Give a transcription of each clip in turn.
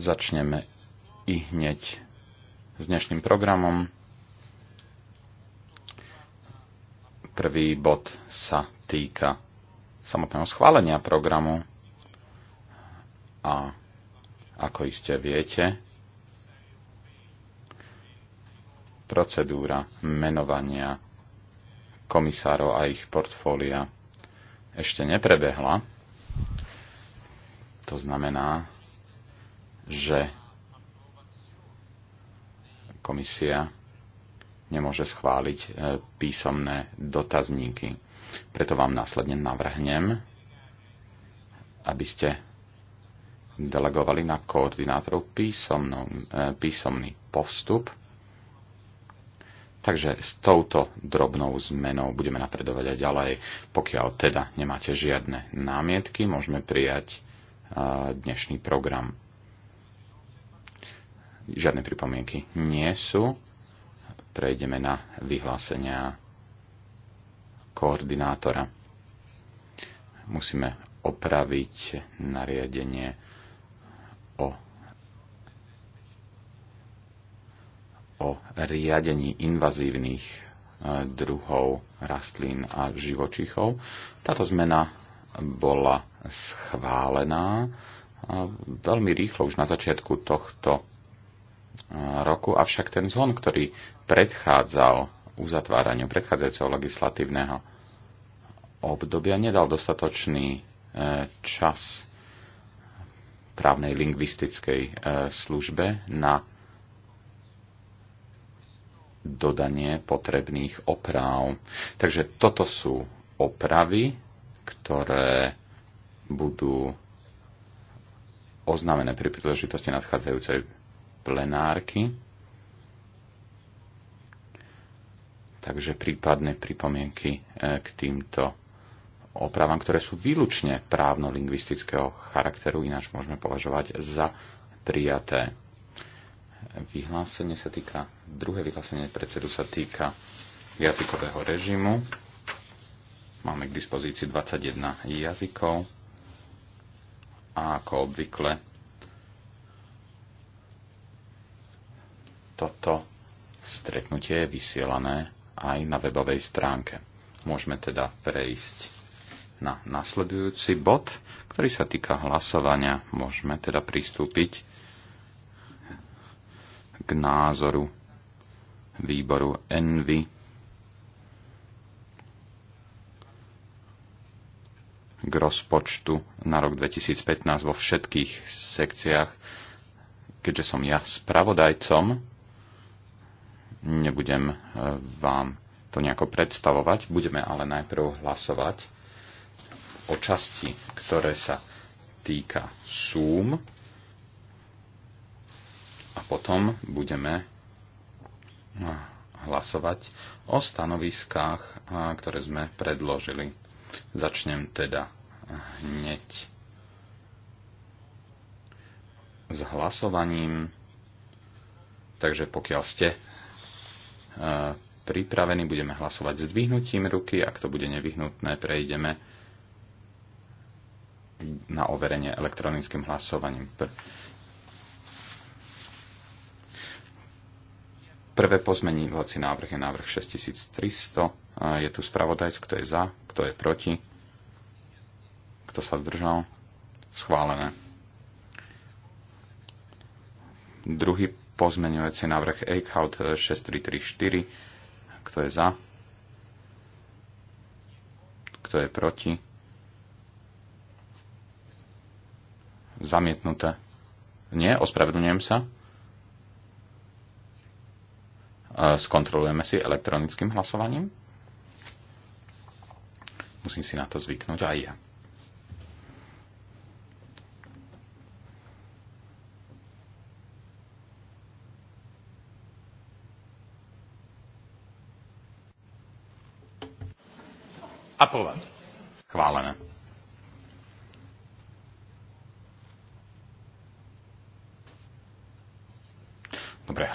Začneme i hneď s dnešným programom. Prvý bod sa týka samotného schválenia programu a ako iste viete, procedúra menovania komisárov a ich portfólia ešte neprebehla. To znamená, že komisia nemôže schváliť e, písomné dotazníky. Preto vám následne navrhnem, aby ste delegovali na koordinátorov e, písomný postup. Takže s touto drobnou zmenou budeme napredovať aj ďalej. Pokiaľ teda nemáte žiadne námietky, môžeme prijať e, dnešný program. Žiadne pripomienky nie sú. Prejdeme na vyhlásenia koordinátora. Musíme opraviť nariadenie o, o riadení invazívnych e, druhov rastlín a živočichov. Táto zmena bola schválená e, veľmi rýchlo už na začiatku tohto roku, avšak ten zhon, ktorý predchádzal uzatváraniu predchádzajúceho legislatívneho obdobia, nedal dostatočný e, čas právnej lingvistickej e, službe na dodanie potrebných opráv. Takže toto sú opravy, ktoré budú oznámené pri príležitosti nadchádzajúcej plenárky. Takže prípadné pripomienky e, k týmto opravám, ktoré sú výlučne právno-lingvistického charakteru, ináč môžeme považovať za prijaté. Vyhlásenie sa týka, druhé vyhlásenie predsedu sa týka jazykového režimu. Máme k dispozícii 21 jazykov a ako obvykle toto stretnutie je vysielané aj na webovej stránke. Môžeme teda prejsť na nasledujúci bod, ktorý sa týka hlasovania. Môžeme teda pristúpiť k názoru výboru Envy k rozpočtu na rok 2015 vo všetkých sekciách, keďže som ja spravodajcom Nebudem e, vám to nejako predstavovať. Budeme ale najprv hlasovať o časti, ktoré sa týka súm a potom budeme e, hlasovať o stanoviskách, e, ktoré sme predložili. Začnem teda hneď s hlasovaním. Takže pokiaľ ste pripravení, budeme hlasovať s dvihnutím ruky. Ak to bude nevyhnutné, prejdeme na overenie elektronickým hlasovaním. Prvé pozmenívací návrh je návrh 6300. Je tu spravodajc, kto je za, kto je proti, kto sa zdržal. Schválené. Druhý pozmeňujúci návrh Eichhout 6334. Eh, Kto je za? Kto je proti? Zamietnuté. Nie, ospravedlňujem sa. Eh, skontrolujeme si elektronickým hlasovaním. Musím si na to zvyknúť aj ja.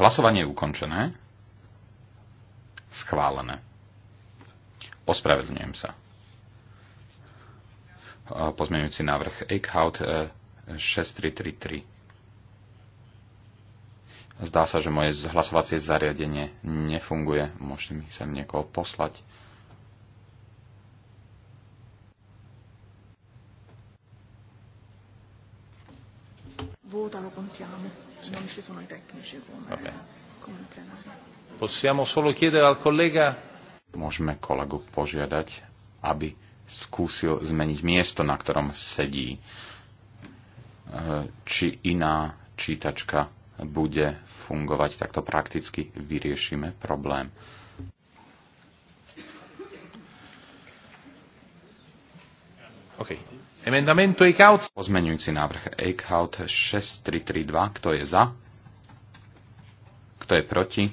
Hlasovanie je ukončené. Schválené. Ospravedlňujem sa. Pozmeňujúci návrh Eichhout 6333. E, Zdá sa, že moje hlasovacie zariadenie nefunguje. Môžete mi sem niekoho poslať. ci sono i tecnici come, okay. come in plenaria. Possiamo solo chiedere al collega... Môžeme kolegu požiadať, aby skúsil zmeniť miesto, na ktorom sedí. E, či iná čítačka bude fungovať, takto prakticky vyriešime problém. Okay. Emendamento Eichhout. Pozmeňujúci návrh Eichhout 6332. Kto je za? Kto je proti?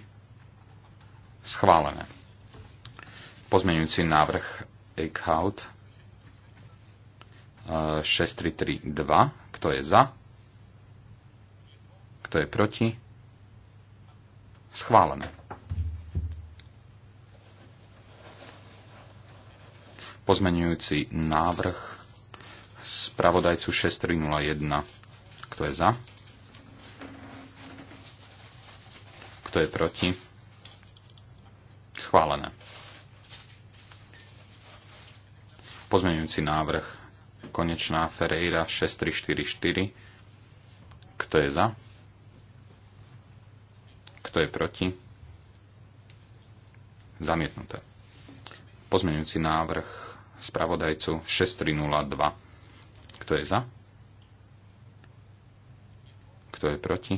Schválené. Pozmeňujúci návrh Eichhout 6332. E, Kto je za? Kto je proti? Schválené. Pozmeňujúci návrh spravodajcu 6301. Kto je za? Kto je proti? Schválené. Pozmeňujúci návrh konečná Ferreira 6344. Kto je za? Kto je proti? Zamietnuté. Pozmeňujúci návrh spravodajcu 6302. Kto je za? Kto je proti?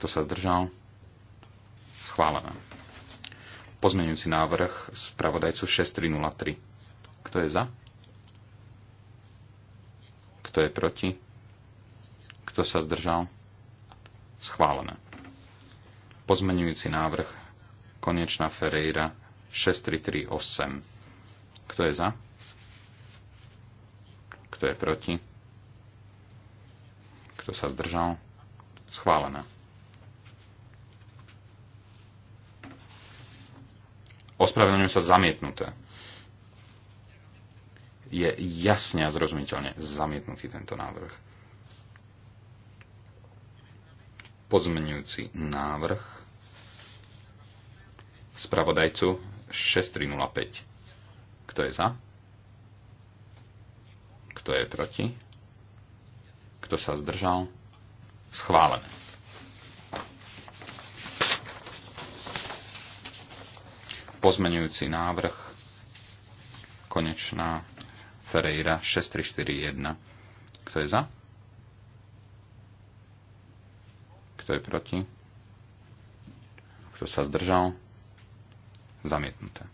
Kto sa zdržal? Schválené. Pozmeňujúci návrh spravodajcu 6303. Kto je za? Kto je proti? Kto sa zdržal? Schválené. Pozmeňujúci návrh konečná Ferreira 6338. Kto je za? Kto je proti? Kto sa zdržal? Schválené. ospravedlňujú sa zamietnuté. Je jasne a zrozumiteľne zamietnutý tento návrh. Pozmenujúci návrh spravodajcu 6305. Kto je za? Kto je proti? Kto sa zdržal? Schválené. Pozmenujúci návrh konečná Ferreira 6341. Kto je za? Kto je proti? Kto sa zdržal? Zamietnuté.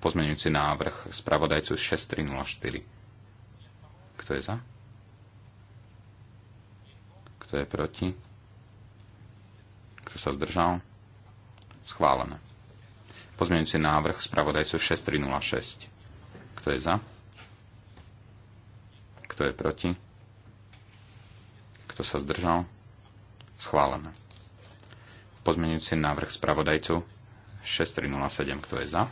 Pozmenujúci návrh spravodajcu 6304. Kto je za? Kto je proti? Kto sa zdržal? Schválené. Pozmeňujúci návrh spravodajcu 6306. Kto je za? Kto je proti? Kto sa zdržal? Schválené. Pozmeňujúci návrh spravodajcu 6307. Kto je za?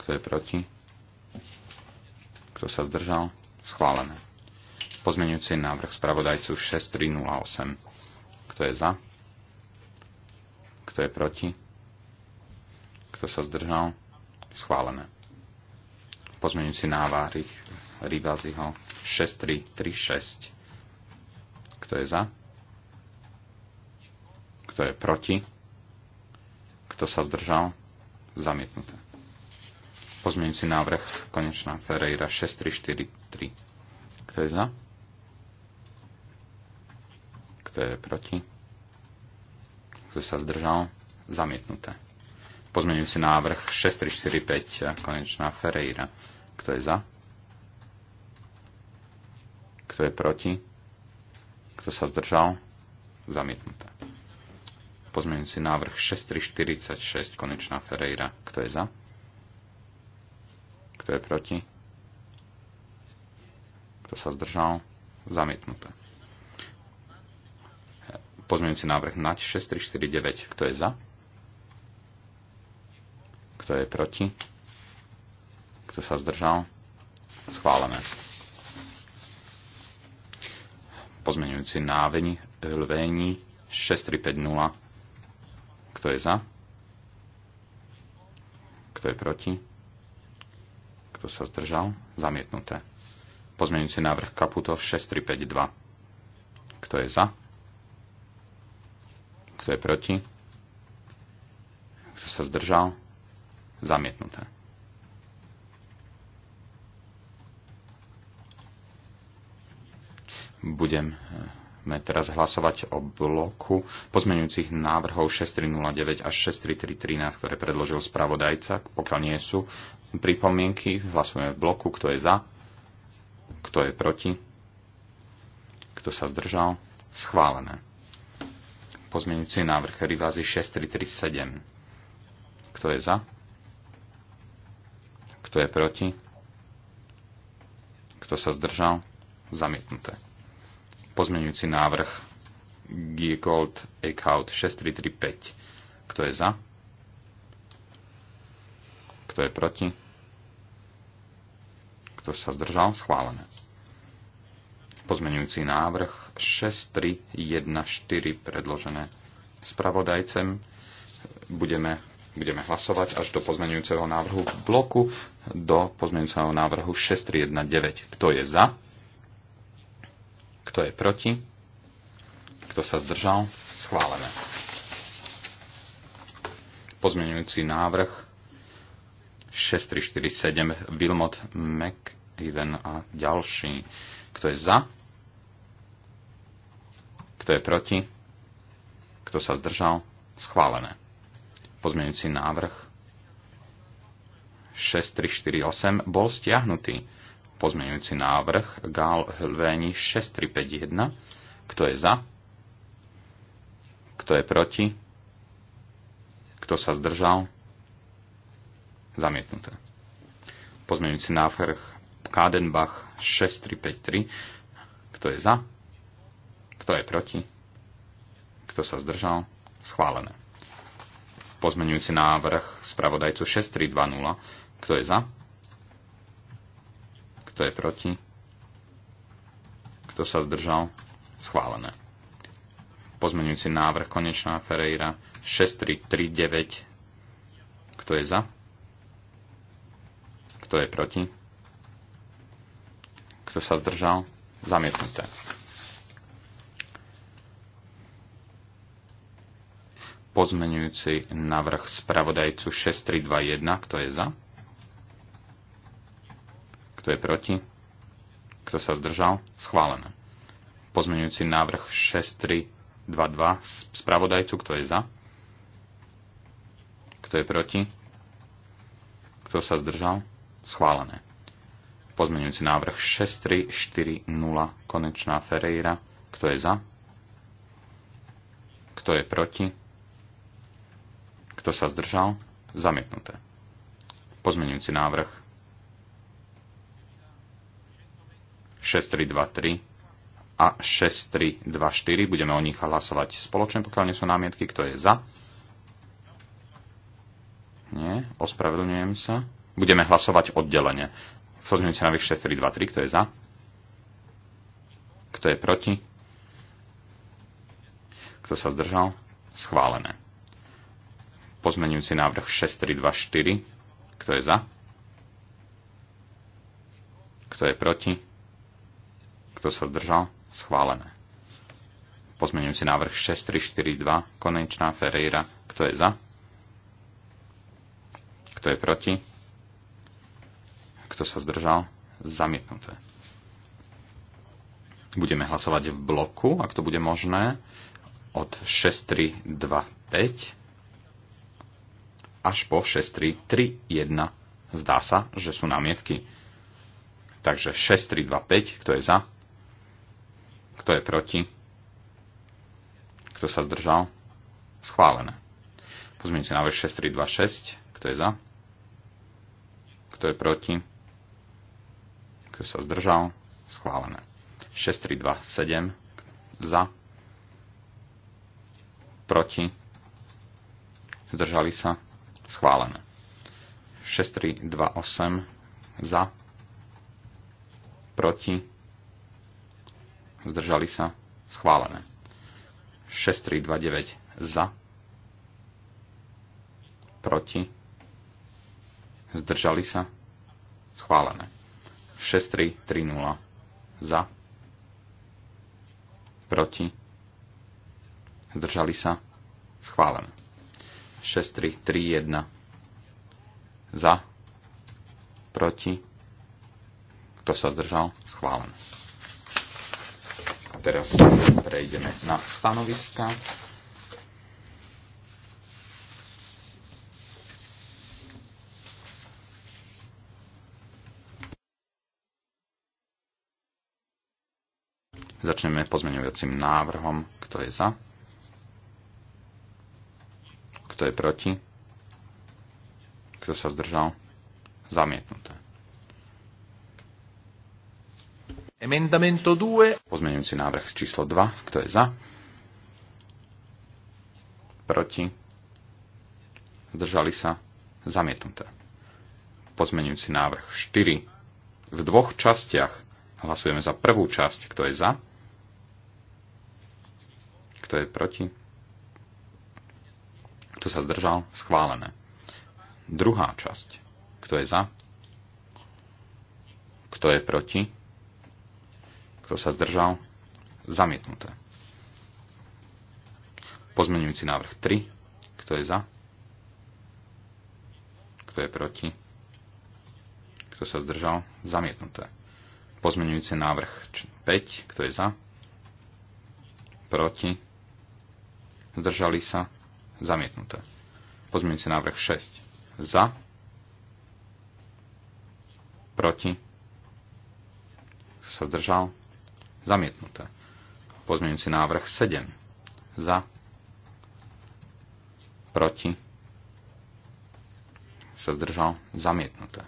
Kto je proti? Kto sa zdržal? Schválené. Pozmeňujúci návrh spravodajcu 6308. Kto je za? Kto je proti? Kto sa zdržal? Schválené. Pozmeňujúci návrh Rivaziho 6336. Kto je za? Kto je proti? Kto sa zdržal? Zamietnuté. Pozmeňujúci návrh konečná Ferreira 6343. Kto je za? Kto je proti? Kto sa zdržal? Zamietnuté. Pozmeňujúci návrh 6345, konečná Ferreira. Kto je za? Kto je proti? Kto sa zdržal? Zamietnuté. Pozmeňujúci návrh 6346, konečná Ferreira. Kto je za? Kto je proti? Kto sa zdržal? Zamietnuté. Pozmeňujúci návrh nať 6349. Kto je za? Kto je proti? Kto sa zdržal? Schválené. Pozmeňujúci náveň Lvéni 6350. Kto je za? Kto je proti? Kto sa zdržal? Zamietnuté. Pozmeňujúci návrh Kaputov 6352. Kto je za? Kto je proti? Kto sa zdržal? Zamietnuté. Budem budeme eh, teraz hlasovať o bloku pozmeňujúcich návrhov 6309 až 63313, ktoré predložil spravodajca. Pokiaľ nie sú pripomienky, hlasujeme v bloku, kto je za, kto je proti, kto sa zdržal. Schválené. Pozmeňujúci návrh Rivazy 6337. Kto je za? Kto je proti? Kto sa zdržal? Zamietnuté. Pozmeňujúci návrh Giegold Eckhout 6335. Kto je za? Kto je proti? Kto sa zdržal? Schválené. Pozmeňujúci návrh 6314 predložené spravodajcem budeme Budeme hlasovať až do pozmenujúceho návrhu bloku, do pozmenujúceho návrhu 6319. Kto je za? Kto je proti? Kto sa zdržal? Schválené. Pozmenujúci návrh 6347 Wilmot McEwen a ďalší. Kto je za? Kto je proti? Kto sa zdržal? Schválené. Pozmeňujúci návrh 6348 bol stiahnutý. Pozmeňujúci návrh Gál Hlvéni 6351. Kto je za? Kto je proti? Kto sa zdržal? Zamietnuté. Pozmeňujúci návrh Kádenbach 6353. Kto je za? Kto je proti? Kto sa zdržal? Schválené. Pozmenujúci návrh spravodajcu 6320. Kto je za? Kto je proti? Kto sa zdržal? Schválené. Pozmenujúci návrh konečná Ferreira 6339. Kto je za? Kto je proti? Kto sa zdržal? Zamietnuté. pozmenujúci návrh spravodajcu 6321. Kto je za? Kto je proti? Kto sa zdržal? Schválené. Pozmenujúci návrh 6322 spravodajcu. Kto je za? Kto je proti? Kto sa zdržal? Schválené. Pozmenujúci návrh 6340 konečná Ferreira. Kto je za? Kto je proti? Kto sa zdržal? Zamietnuté. Pozmenujúci návrh 6323 a 6324. Budeme o nich hlasovať spoločne, pokiaľ nie sú námietky. Kto je za? Nie, ospravedlňujem sa. Budeme hlasovať oddelenie. Pozmeňujúci návrh 6323. Kto je za? Kto je proti? Kto sa zdržal? Schválené. Pozmenujúci návrh 6324. Kto je za? Kto je proti? Kto sa zdržal? Schválené. si návrh 6342. Konečná Ferreira. Kto je za? Kto je proti? Kto sa zdržal? Zamietnuté. Budeme hlasovať v bloku, ak to bude možné, od 6325 až po 6331. Zdá sa, že sú námietky. Takže 6325, kto je za? Kto je proti? Kto sa zdržal? Schválené. Pozmienite návrh 6326, kto je za? Kto je proti? Kto sa zdržal? Schválené. 6327 za? Proti? Zdržali sa? Schválené. 6328 za, proti, zdržali sa, schválené. 6329 za, proti, zdržali sa, schválené. 6330 za, proti, zdržali sa, schválené. 6331. Za. Proti. Kto sa zdržal? Schválen. teraz prejdeme na stanoviska. Začneme pozmeňujúcim návrhom. Kto je za? Kto je proti? Kto sa zdržal? Zamietnuté. Emendamento 2. Pozmeňujúci návrh číslo 2. Kto je za? Proti? Zdržali sa? Zamietnuté. si návrh 4. V dvoch častiach hlasujeme za prvú časť. Kto je za? Kto je proti? Kto sa zdržal? Schválené. Druhá časť. Kto je za? Kto je proti? Kto sa zdržal? Zamietnuté. Pozmenujúci návrh 3. Kto je za? Kto je proti? Kto sa zdržal? Zamietnuté. Pozmenujúci návrh 5. Kto je za? Proti? Zdržali sa? Zamietnuté. Pozmeňujúci návrh 6. Za. Proti. Sa zdržal. Zamietnuté. si návrh 7. Za. Proti. Sa zdržal. Zamietnuté.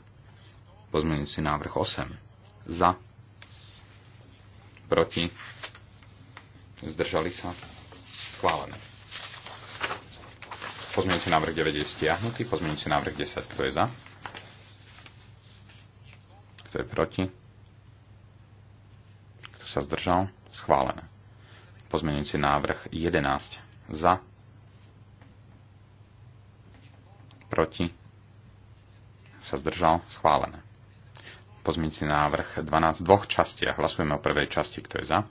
si návrh 8. Za. Proti. Zdržali sa. Schválené Pozmeňujúci návrh 9 je stiahnutý. Pozmeňujúci návrh 10. Kto je za? Kto je proti? Kto sa zdržal? Schválené. Pozmeňujúci návrh 11. Za. Proti. Sa zdržal. Schválené. Pozmeňujúci návrh 12 v dvoch častiach. Hlasujeme o prvej časti. Kto je za?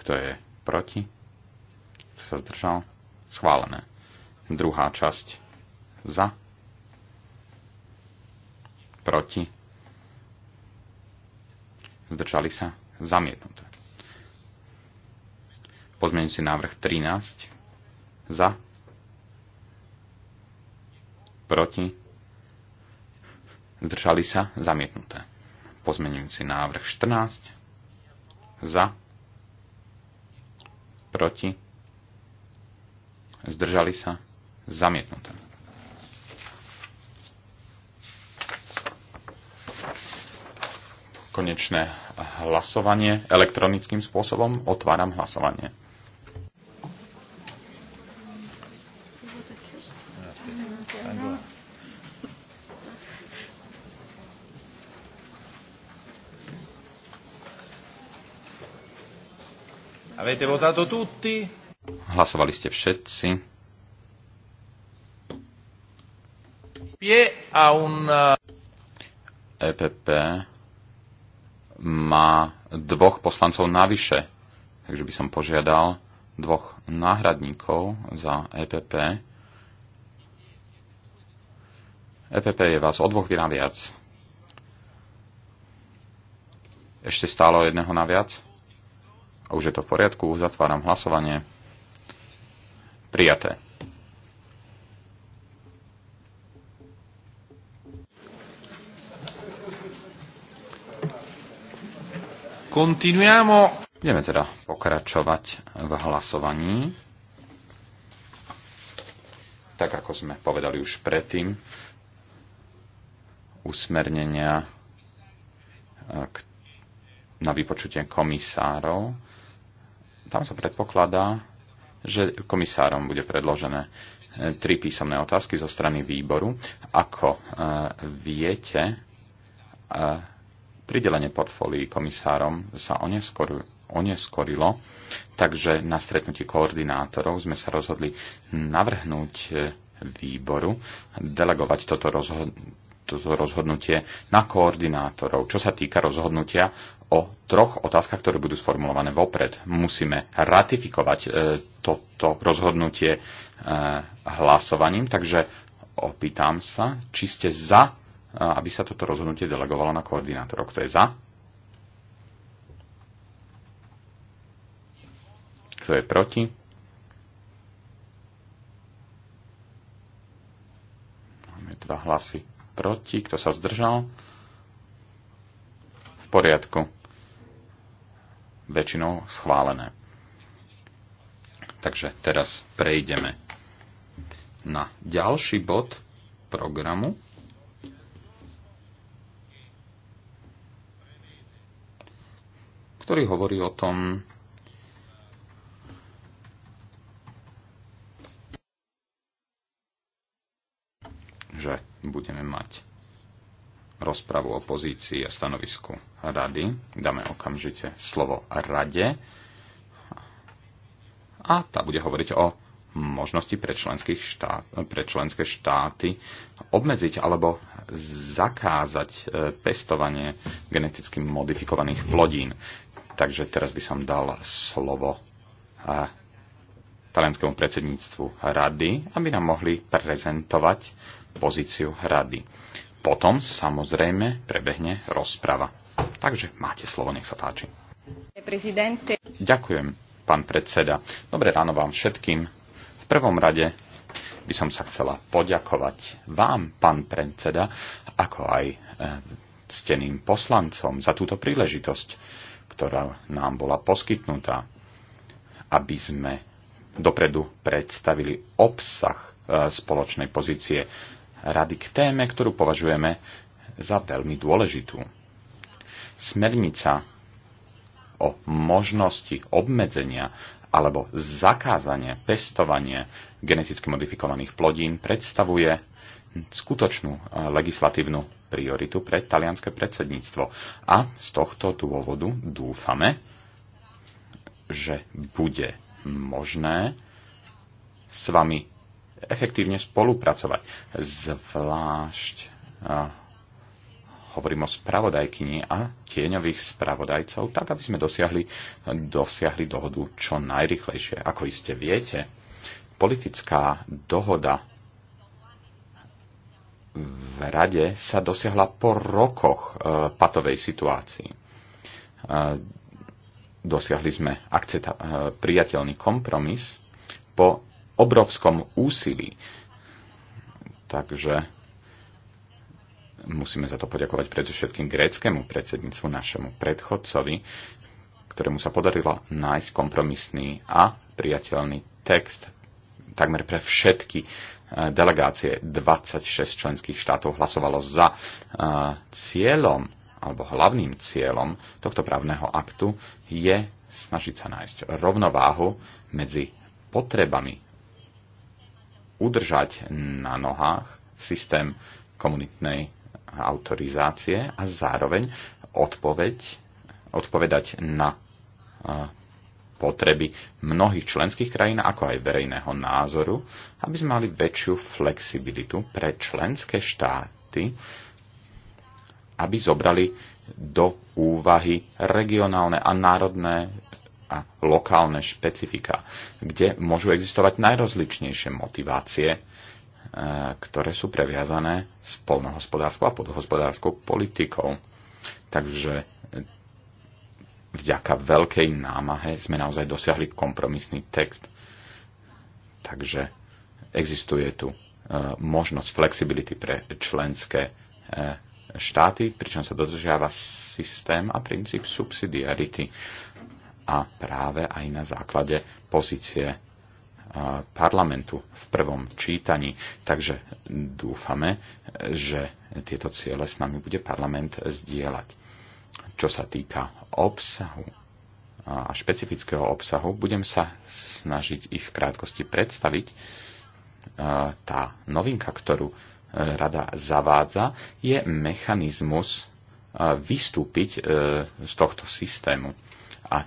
Kto je proti? Kto sa zdržal? Schválené. Druhá časť. Za. Proti. Zdržali sa. Zamietnuté. si návrh 13. Za. Proti. Zdržali sa. Zamietnuté. si návrh 14. Za. Proti zdržali sa, zamietnuté. Konečné hlasovanie elektronickým spôsobom. Otváram hlasovanie. Avete votato tutti? Hlasovali ste všetci. EPP eh, e má dvoch poslancov navyše, takže by som požiadal dvoch náhradníkov za EPP. EPP je vás o dvoch na viac. Ešte stále jedného na viac? A už je to v poriadku, zatváram hlasovanie. Prijaté. Continuiamo. Ideme teda pokračovať v hlasovaní. Tak ako sme povedali už predtým, usmernenia e, na vypočutie komisárov. Tam sa predpokladá, že komisárom bude predložené eh, tri písomné otázky zo strany výboru. Ako eh, viete, eh, pridelenie portfólií komisárom sa oneskorilo, takže na stretnutí koordinátorov sme sa rozhodli navrhnúť výboru, delegovať toto rozhodnutie toto rozhodnutie na koordinátorov. Čo sa týka rozhodnutia o troch otázkach, ktoré budú sformulované vopred. Musíme ratifikovať e, toto rozhodnutie e, hlasovaním, takže opýtam sa, či ste za, e, aby sa toto rozhodnutie delegovalo na koordinátorov. Kto je za? Kto je proti? Máme dva hlasy proti. Kto sa zdržal? V poriadku väčšinou schválené. Takže teraz prejdeme na ďalší bod programu. ktorý hovorí o tom, že budeme mať rozpravu o pozícii a stanovisku rady. Dáme okamžite slovo rade a tá bude hovoriť o možnosti pre, štát, pre členské štáty obmedziť alebo zakázať e, pestovanie geneticky modifikovaných plodín. Takže teraz by som dal slovo e, talianskému predsedníctvu rady, aby nám mohli prezentovať pozíciu rady potom samozrejme prebehne rozprava. Takže máte slovo, nech sa páči. Prezidente. Ďakujem, pán predseda. Dobré ráno vám všetkým. V prvom rade by som sa chcela poďakovať vám, pán predseda, ako aj steným e, poslancom za túto príležitosť, ktorá nám bola poskytnutá, aby sme dopredu predstavili obsah e, spoločnej pozície rady k téme, ktorú považujeme za veľmi dôležitú. Smernica o možnosti obmedzenia alebo zakázania pestovania geneticky modifikovaných plodín predstavuje skutočnú eh, legislatívnu prioritu pre talianské predsedníctvo. A z tohto dôvodu dúfame, že bude možné s vami efektívne spolupracovať. Zvlášť uh, hovorím o spravodajkyni a tieňových spravodajcov, tak aby sme dosiahli, dosiahli dohodu čo najrychlejšie. Ako iste viete, politická dohoda v rade sa dosiahla po rokoch e, patovej situácii. E, dosiahli sme akceta, e, priateľný kompromis po obrovskom úsilí. Takže musíme za to poďakovať predovšetkým gréckému predsedníctvu, našemu predchodcovi, ktorému sa podarilo nájsť kompromisný a priateľný text takmer pre všetky e, delegácie 26 členských štátov hlasovalo za e, cieľom alebo hlavným cieľom tohto právneho aktu je snažiť sa nájsť rovnováhu medzi potrebami udržať na nohách systém komunitnej autorizácie a zároveň odpoveď, odpovedať na e, potreby mnohých členských krajín, ako aj verejného názoru, aby sme mali väčšiu flexibilitu pre členské štáty, aby zobrali do úvahy regionálne a národné a lokálne špecifika, kde môžu existovať najrozličnejšie motivácie, e, ktoré sú previazané s polnohospodárskou a podhospodárskou politikou. Takže e, vďaka veľkej námahe sme naozaj dosiahli kompromisný text. Takže existuje tu e, možnosť flexibility pre členské štáty, pričom sa dodržiava systém a princíp subsidiarity a práve aj na základe pozície parlamentu v prvom čítaní. Takže dúfame, že tieto ciele s nami bude parlament zdieľať. Čo sa týka obsahu a špecifického obsahu, budem sa snažiť ich v krátkosti predstaviť. Tá novinka, ktorú e, rada zavádza, je mechanizmus vystúpiť e, z tohto systému a e,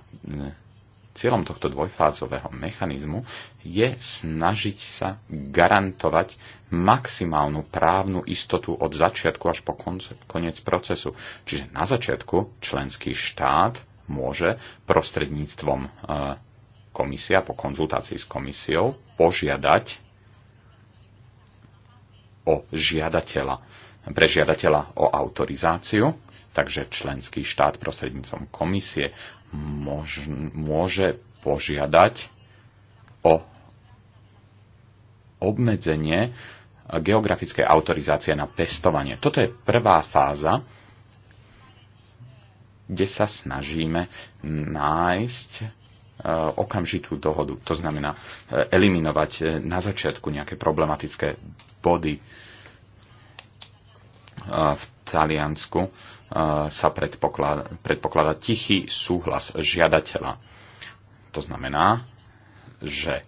cieľom tohto dvojfázového mechanizmu je snažiť sa garantovať maximálnu právnu istotu od začiatku až po koniec procesu. Čiže na začiatku členský štát môže prostredníctvom e, komisia po konzultácii s komisiou požiadať o žiadateľa, pre žiadateľa o autorizáciu, takže členský štát prostredníctvom komisie mož, môže požiadať o obmedzenie geografickej autorizácie na pestovanie. Toto je prvá fáza, kde sa snažíme nájsť e, okamžitú dohodu. To znamená e, eliminovať e, na začiatku nejaké problematické body v Taliansku sa predpokladá, predpokladá tichý súhlas žiadateľa. To znamená, že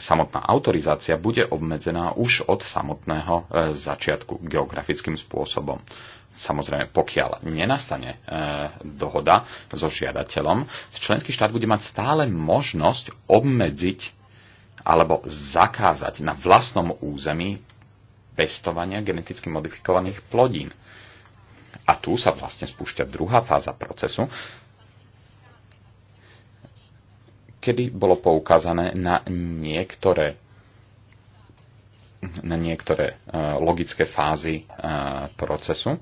samotná autorizácia bude obmedzená už od samotného e, začiatku geografickým spôsobom. Samozrejme, pokiaľ nenastane e, dohoda so žiadateľom, členský štát bude mať stále možnosť obmedziť alebo zakázať na vlastnom území pestovania geneticky modifikovaných plodín. A tu sa vlastne spúšťa druhá fáza procesu, kedy bolo poukázané na niektoré na niektoré e, logické fázy e, procesu.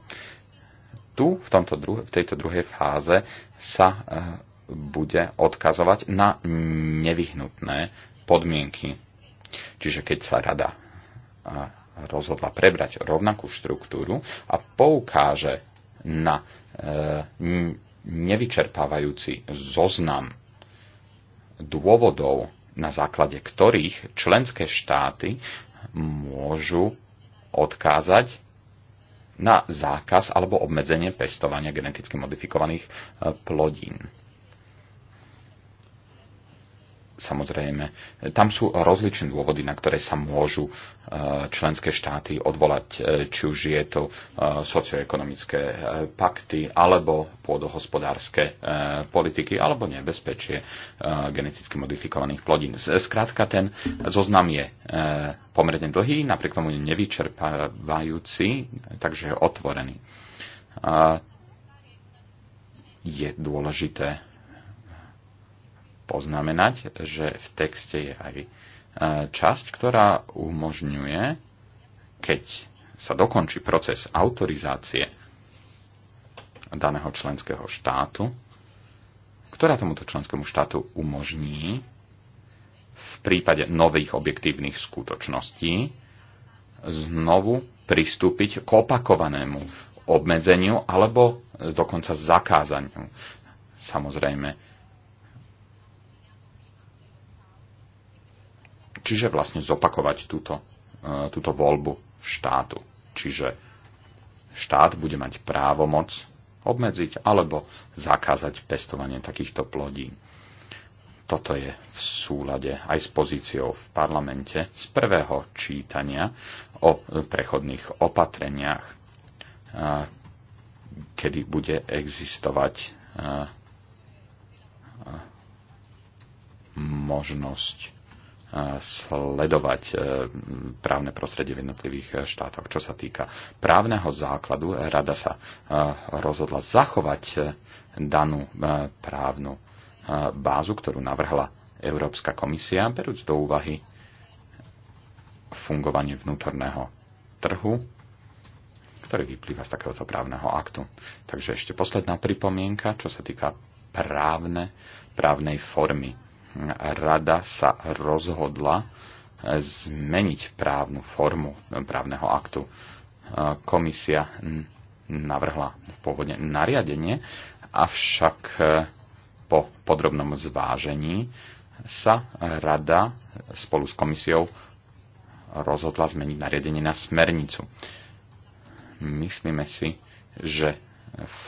Tu, v, tomto dru- v tejto druhej fáze, sa e, bude odkazovať na nevyhnutné podmienky. Čiže keď sa rada rozhodla prebrať rovnakú štruktúru a poukáže na e, nevyčerpávajúci zoznam dôvodov, na základe ktorých členské štáty môžu odkázať na zákaz alebo obmedzenie pestovania geneticky modifikovaných e, plodín samozrejme, tam sú rozličné dôvody, na ktoré sa môžu e, členské štáty odvolať, e, či už je to e, socioekonomické pakty, alebo pôdohospodárske politiky, alebo nebezpečie geneticky modifikovaných plodín. Skrátka, ten zoznam je pomerne dlhý, napriek tomu nevyčerpávajúci, takže je otvorený. Je dôležité poznamenať, že v texte je aj e, časť, ktorá umožňuje, keď sa dokončí proces autorizácie daného členského štátu, ktorá tomuto členskému štátu umožní v prípade nových objektívnych skutočností znovu pristúpiť k opakovanému obmedzeniu alebo dokonca zakázaniu. Samozrejme, Čiže vlastne zopakovať túto, e, túto voľbu štátu. Čiže štát bude mať právomoc obmedziť alebo zakázať pestovanie takýchto plodín. Toto je v súlade aj s pozíciou v parlamente z prvého čítania o prechodných opatreniach, e, kedy bude existovať e, možnosť sledovať e, právne prostredie v jednotlivých e, štátoch. Čo sa týka právneho základu, rada sa e, rozhodla zachovať danú právnu bázu, ktorú navrhla Európska komisia, berúc do úvahy fungovanie vnútorného trhu, ktorý vyplýva z takéhoto právneho aktu. Takže ešte posledná pripomienka, čo sa týka právne, právnej formy rada sa rozhodla eh, zmeniť právnu formu eh, právneho aktu. Eh, komisia navrhla pôvodne nariadenie, avšak po podrobnom zvážení sa rada spolu s komisiou rozhodla zmeniť nariadenie na smernicu. Myslíme si, že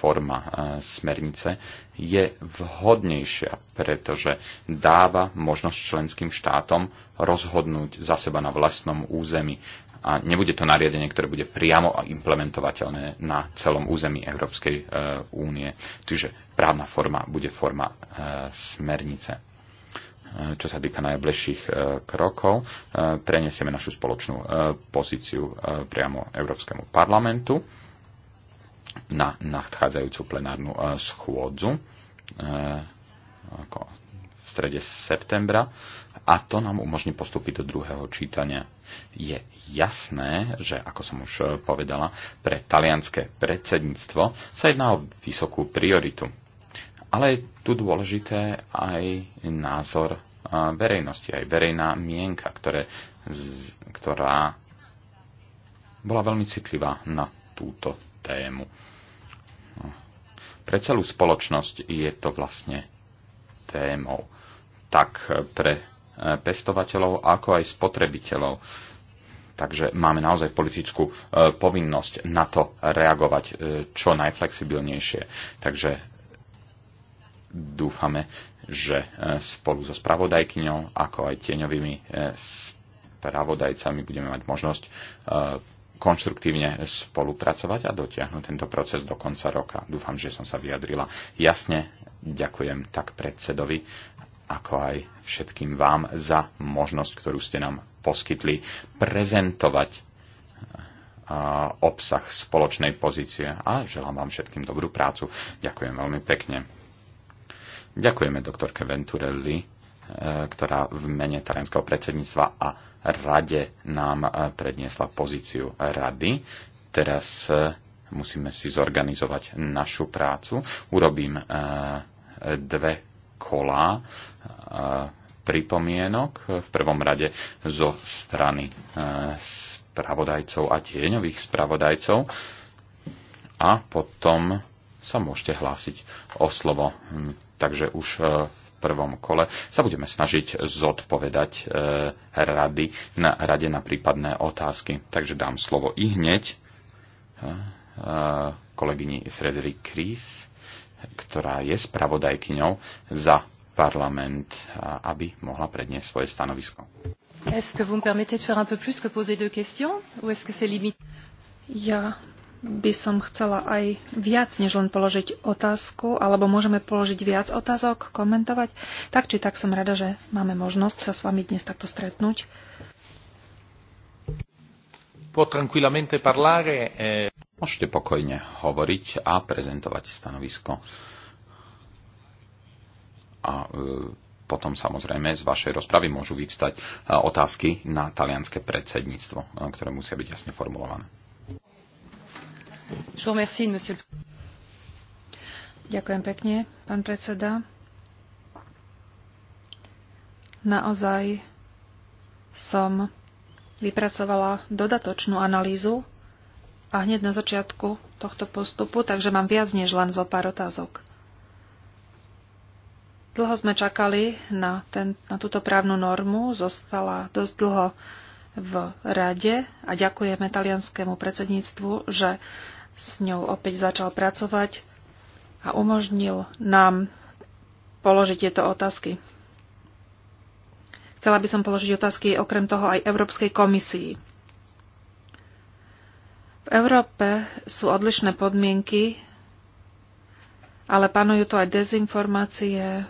forma e, smernice je vhodnejšia, pretože dáva možnosť členským štátom rozhodnúť za seba na vlastnom území a nebude to nariadenie, ktoré bude priamo implementovateľné na celom území Európskej e, únie. Čiže právna forma bude forma e, smernice čo sa týka najbližších krokov, preniesieme našu spoločnú pozíciu priamo Európskemu parlamentu na nadchádzajúcu plenárnu e, schôdzu e, v strede septembra a to nám umožní postúpiť do druhého čítania. Je jasné, že, ako som už e, povedala, pre talianské predsedníctvo sa jedná o vysokú prioritu. Ale je tu dôležité aj názor verejnosti, aj verejná mienka, ktoré, z, ktorá bola veľmi citlivá na túto tému. Pre celú spoločnosť je to vlastne témou. Tak pre e, pestovateľov, ako aj spotrebiteľov. Takže máme naozaj politickú e, povinnosť na to reagovať e, čo najflexibilnejšie. Takže dúfame, že spolu so spravodajkyňou, ako aj tieňovými spravodajcami budeme mať možnosť konštruktívne spolupracovať a dotiahnuť tento proces do konca roka. Dúfam, že som sa vyjadrila jasne. Ďakujem tak predsedovi, ako aj všetkým vám za možnosť, ktorú ste nám poskytli prezentovať eh, obsah spoločnej pozície a želám vám všetkým dobrú prácu. Ďakujem veľmi pekne. Ďakujeme doktorke Venturelli E, ktorá v mene talianského predsedníctva a rade nám e, predniesla pozíciu rady. Teraz e, musíme si zorganizovať našu prácu. Urobím dve kolá pripomienok. V prvom rade zo strany spravodajcov a tieňových spravodajcov. A potom sa môžete hlásiť o slovo. Hm, takže už v prvom kole sa budeme snažiť zodpovedať e, rady na rade na prípadné otázky. Takže dám slovo i hneď e, e kolegyni Frederik Kris, ktorá je spravodajkyňou za parlament, aby mohla predniesť svoje stanovisko. Est-ce que vous me permettez de faire un peu plus que poser deux questions ou est-ce que c'est limité? Ja by som chcela aj viac, než len položiť otázku, alebo môžeme položiť viac otázok, komentovať. Tak či tak som rada, že máme možnosť sa s vami dnes takto stretnúť. Eh. Môžete pokojne hovoriť a prezentovať stanovisko. A eh, potom samozrejme z vašej rozpravy môžu vyvstať eh, otázky na talianské predsedníctvo, ktoré musia byť jasne formulované. Ďakujem pekne, predseda. Naozaj som vypracovala dodatočnú analýzu a hneď na začiatku tohto postupu, takže mám viac než len zo pár otázok. Dlho sme čakali na, ten, na túto právnu normu, zostala dosť dlho v rade a ďakujeme talianskému predsedníctvu, že s ňou opäť začal pracovať a umožnil nám položiť tieto otázky. Chcela by som položiť otázky okrem toho aj Európskej komisii. V Európe sú odlišné podmienky, ale panujú tu aj dezinformácie.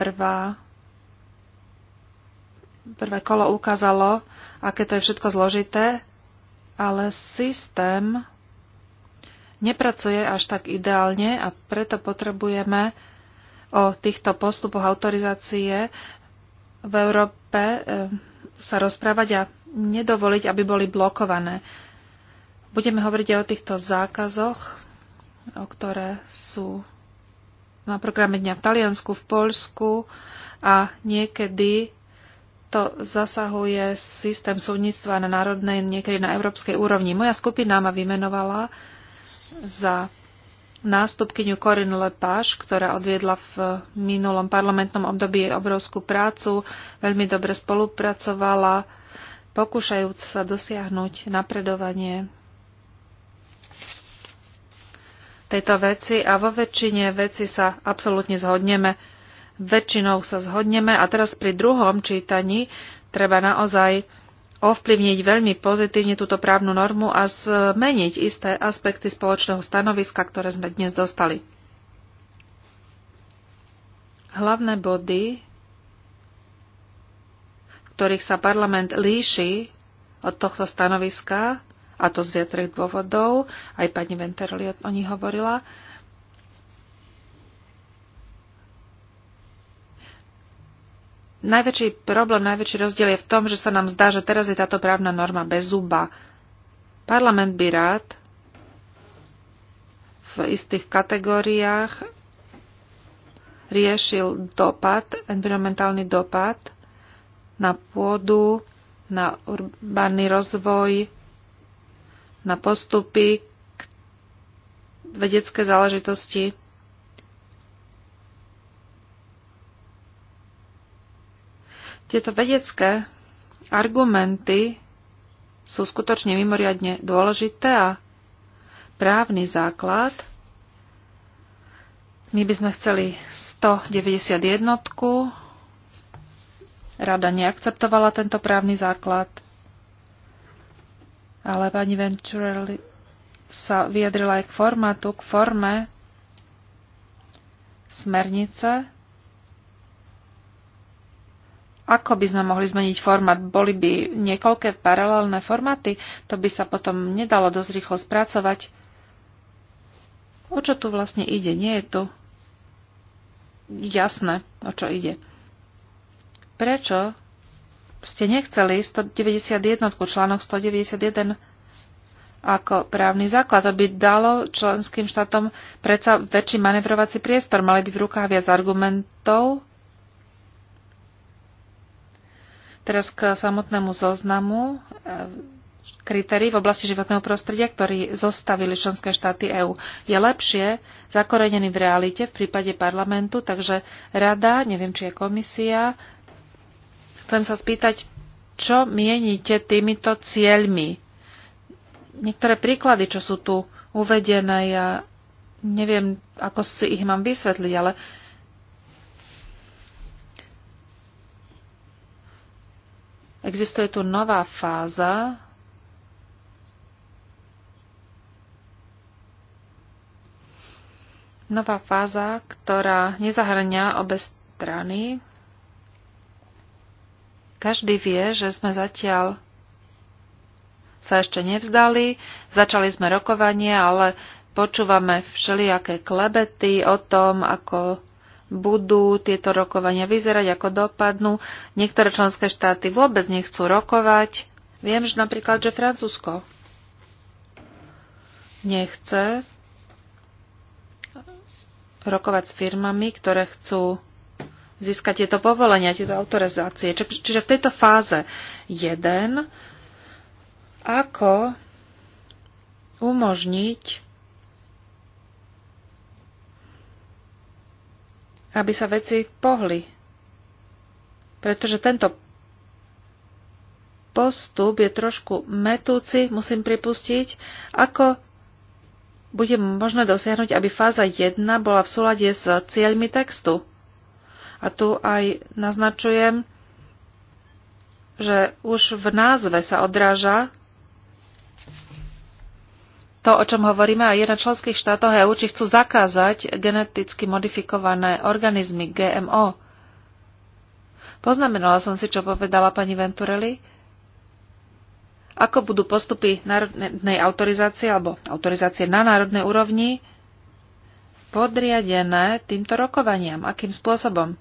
Prvá, prvé kolo ukázalo, aké to je všetko zložité ale systém nepracuje až tak ideálne a preto potrebujeme o týchto postupoch autorizácie v Európe e, sa rozprávať a nedovoliť, aby boli blokované. Budeme hovoriť aj o týchto zákazoch, o ktoré sú na programe dňa v Taliansku, v Poľsku a niekedy to zasahuje systém súdnictva na národnej, niekedy na európskej úrovni. Moja skupina ma vymenovala za nástupkyňu Corinne Lepage, ktorá odviedla v minulom parlamentnom období obrovskú prácu, veľmi dobre spolupracovala, pokúšajúc sa dosiahnuť napredovanie tejto veci a vo väčšine veci sa absolútne zhodneme väčšinou sa zhodneme a teraz pri druhom čítaní treba naozaj ovplyvniť veľmi pozitívne túto právnu normu a zmeniť isté aspekty spoločného stanoviska, ktoré sme dnes dostali. Hlavné body, v ktorých sa parlament líši od tohto stanoviska, a to z viacerých dôvodov, aj pani Venterli o nich hovorila, Najväčší problém, najväčší rozdiel je v tom, že sa nám zdá, že teraz je táto právna norma bez zuba. Parlament by rád v istých kategóriách riešil dopad, environmentálny dopad na pôdu, na urbánny rozvoj, na postupy, vedecké záležitosti. Tieto vedecké argumenty sú skutočne mimoriadne dôležité a právny základ. My by sme chceli 191. Rada neakceptovala tento právny základ, ale pani Venturelli sa vyjadrila aj k formátu, k forme smernice ako by sme mohli zmeniť formát, Boli by niekoľké paralelné formáty? To by sa potom nedalo dosť rýchlo spracovať. O čo tu vlastne ide? Nie je tu jasné, o čo ide. Prečo ste nechceli 191, článok 191 ako právny základ. To by dalo členským štátom predsa väčší manevrovací priestor. Mali by v rukách viac argumentov Teraz k samotnému zoznamu e, kritérií v oblasti životného prostredia, ktorý zostavili členské štáty EÚ. Je lepšie zakorenený v realite v prípade parlamentu, takže rada, neviem, či je komisia. Chcem sa spýtať, čo mienite týmito cieľmi? Niektoré príklady, čo sú tu uvedené, ja neviem, ako si ich mám vysvetliť, ale Existuje tu nová fáza nová fáza, ktorá nezahrňa obe strany. Každý vie, že sme zatiaľ sa ešte nevzdali, začali sme rokovanie, ale počúvame všelijaké klebety o tom, ako budú tieto rokovania vyzerať, ako dopadnú. Niektoré členské štáty vôbec nechcú rokovať. Viem, že napríklad, že Francúzsko nechce rokovať s firmami, ktoré chcú získať tieto povolenia, tieto autorizácie. Čiže v tejto fáze 1, ako umožniť aby sa veci pohli. Pretože tento postup je trošku metúci, musím pripustiť, ako bude možné dosiahnuť, aby fáza 1 bola v súlade s cieľmi textu. A tu aj naznačujem, že už v názve sa odráža to, o čom hovoríme, a na členských štátoch EU, či chcú zakázať geneticky modifikované organizmy GMO. Poznamenala som si, čo povedala pani Venturelli. Ako budú postupy národnej autorizácie alebo autorizácie na národnej úrovni podriadené týmto rokovaniam? Akým spôsobom?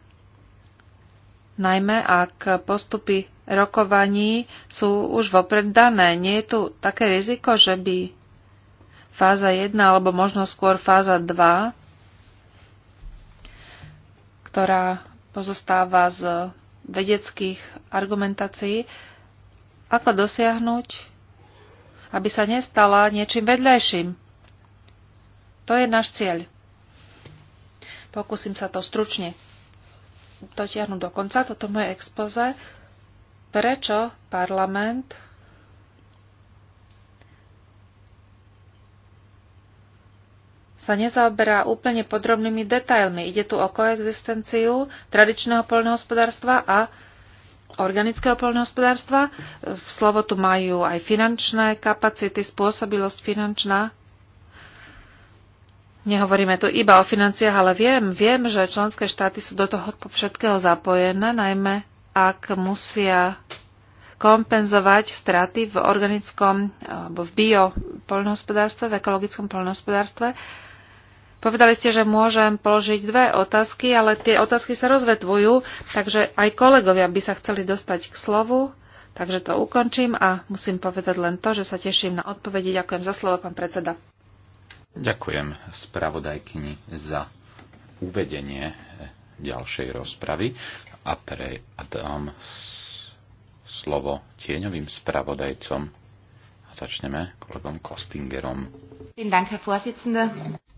Najmä ak postupy rokovaní sú už vopred dané. Nie je tu také riziko, že by fáza 1 alebo možno skôr fáza 2, ktorá pozostáva z vedeckých argumentácií, ako dosiahnuť, aby sa nestala niečím vedľajším. To je náš cieľ. Pokúsim sa to stručne dotiahnuť do konca, toto moje expoze, prečo parlament sa nezaoberá úplne podrobnými detailmi. Ide tu o koexistenciu tradičného poľnohospodárstva a organického poľnohospodárstva. v Slovo tu majú aj finančné kapacity, spôsobilosť finančná. Nehovoríme tu iba o financiách, ale viem, viem, že členské štáty sú do toho všetkého zapojené, najmä ak musia kompenzovať straty v organickom alebo v biopolnohospodárstve, v ekologickom poľnohospodárstve. Povedali ste, že môžem položiť dve otázky, ale tie otázky sa rozvetvujú, takže aj kolegovia by sa chceli dostať k slovu. Takže to ukončím a musím povedať len to, že sa teším na odpovedi. Ďakujem za slovo, pán predseda. Ďakujem spravodajkyni za uvedenie eh, ďalšej rozpravy a pre Adam slovo tieňovým spravodajcom a Začneme kolegom Kostingerom.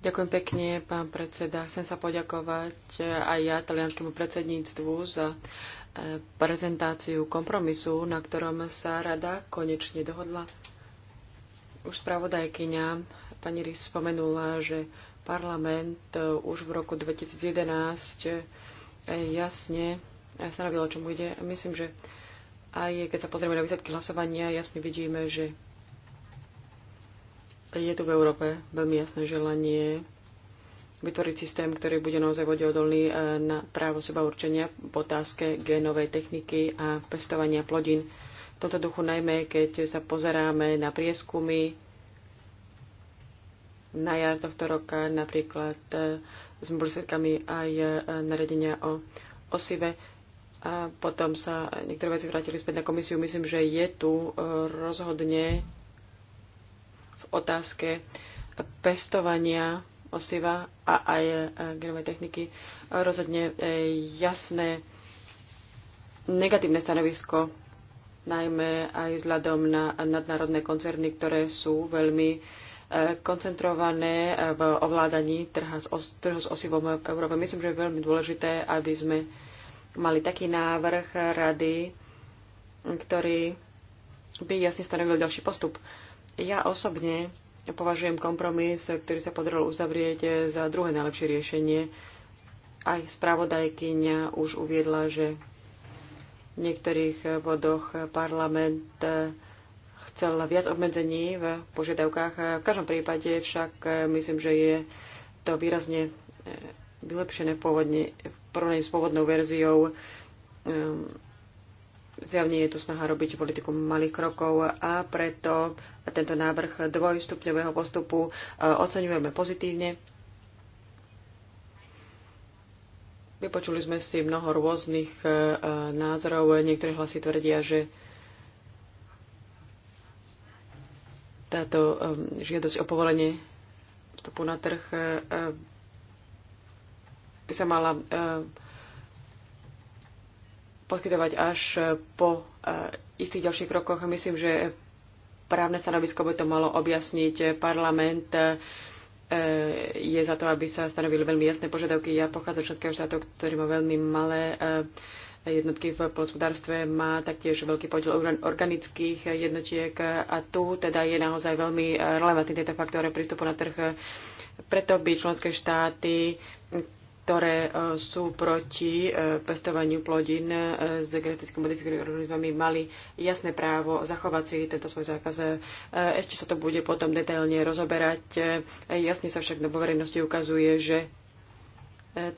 Ďakujem pekne, pán predseda. Chcem sa poďakovať aj ja talianskému predsedníctvu za e, prezentáciu kompromisu, na ktorom sa rada konečne dohodla. Už spravodajkyňa pani Rys spomenula, že parlament e, už v roku 2011 e, jasne o čom ide. Myslím, že aj keď sa pozrieme na výsledky hlasovania, jasne vidíme, že je tu v Európe veľmi jasné želanie vytvoriť systém, ktorý bude naozaj vodeodolný e, na právo seba určenia v otázke genovej techniky a pestovania plodín. V tomto duchu najmä, keď sa pozeráme na prieskumy na jar tohto roka, napríklad e, s brúsekami aj e, naredenia o osive, a potom sa niektoré veci vrátili späť na komisiu. Myslím, že je tu rozhodne otázke pestovania osiva a aj e, genovej techniky rozhodne e, jasné negatívne stanovisko, najmä aj vzhľadom na nadnárodné koncerny, ktoré sú veľmi e, koncentrované v ovládaní trhu s, osivom v Európe. Myslím, že je veľmi dôležité, aby sme mali taký návrh rady, ktorý by jasne stanovil ďalší postup. Ja osobne považujem kompromis, ktorý sa podarilo uzavrieť za druhé najlepšie riešenie. Aj spravodajkyňa už uviedla, že v niektorých bodoch parlament chcel viac obmedzení v požiadavkách. V každom prípade však myslím, že je to výrazne e, vylepšené v, v porovnaní s pôvodnou verziou. Zjavne je tu snaha robiť politiku malých krokov a preto tento návrh dvojstupňového postupu e, oceňujeme pozitívne. Vypočuli sme si mnoho rôznych e, názorov. Niektoré hlasy tvrdia, že táto e, žiadosť o povolenie vstupu na trh by sa mala poskytovať až po eh, istých ďalších krokoch. Myslím, že právne stanovisko by to malo objasniť. Parlament eh, je za to, aby sa stanovili veľmi jasné požiadavky. Ja pochádzam z všetkého štátu, ktorý má veľmi malé eh, jednotky v polospodárstve, má taktiež veľký podiel organických jednotiek a tu teda je naozaj veľmi relevantný tento faktor prístupu na trh. Preto by členské štáty ktoré e, sú proti e, pestovaniu plodín e, s geneticky modifikovanými organizmami, mali jasné právo zachovať si tento svoj zákaz. Ešte sa to bude potom detailne rozoberať. Jasne sa však do verejnosti ukazuje, že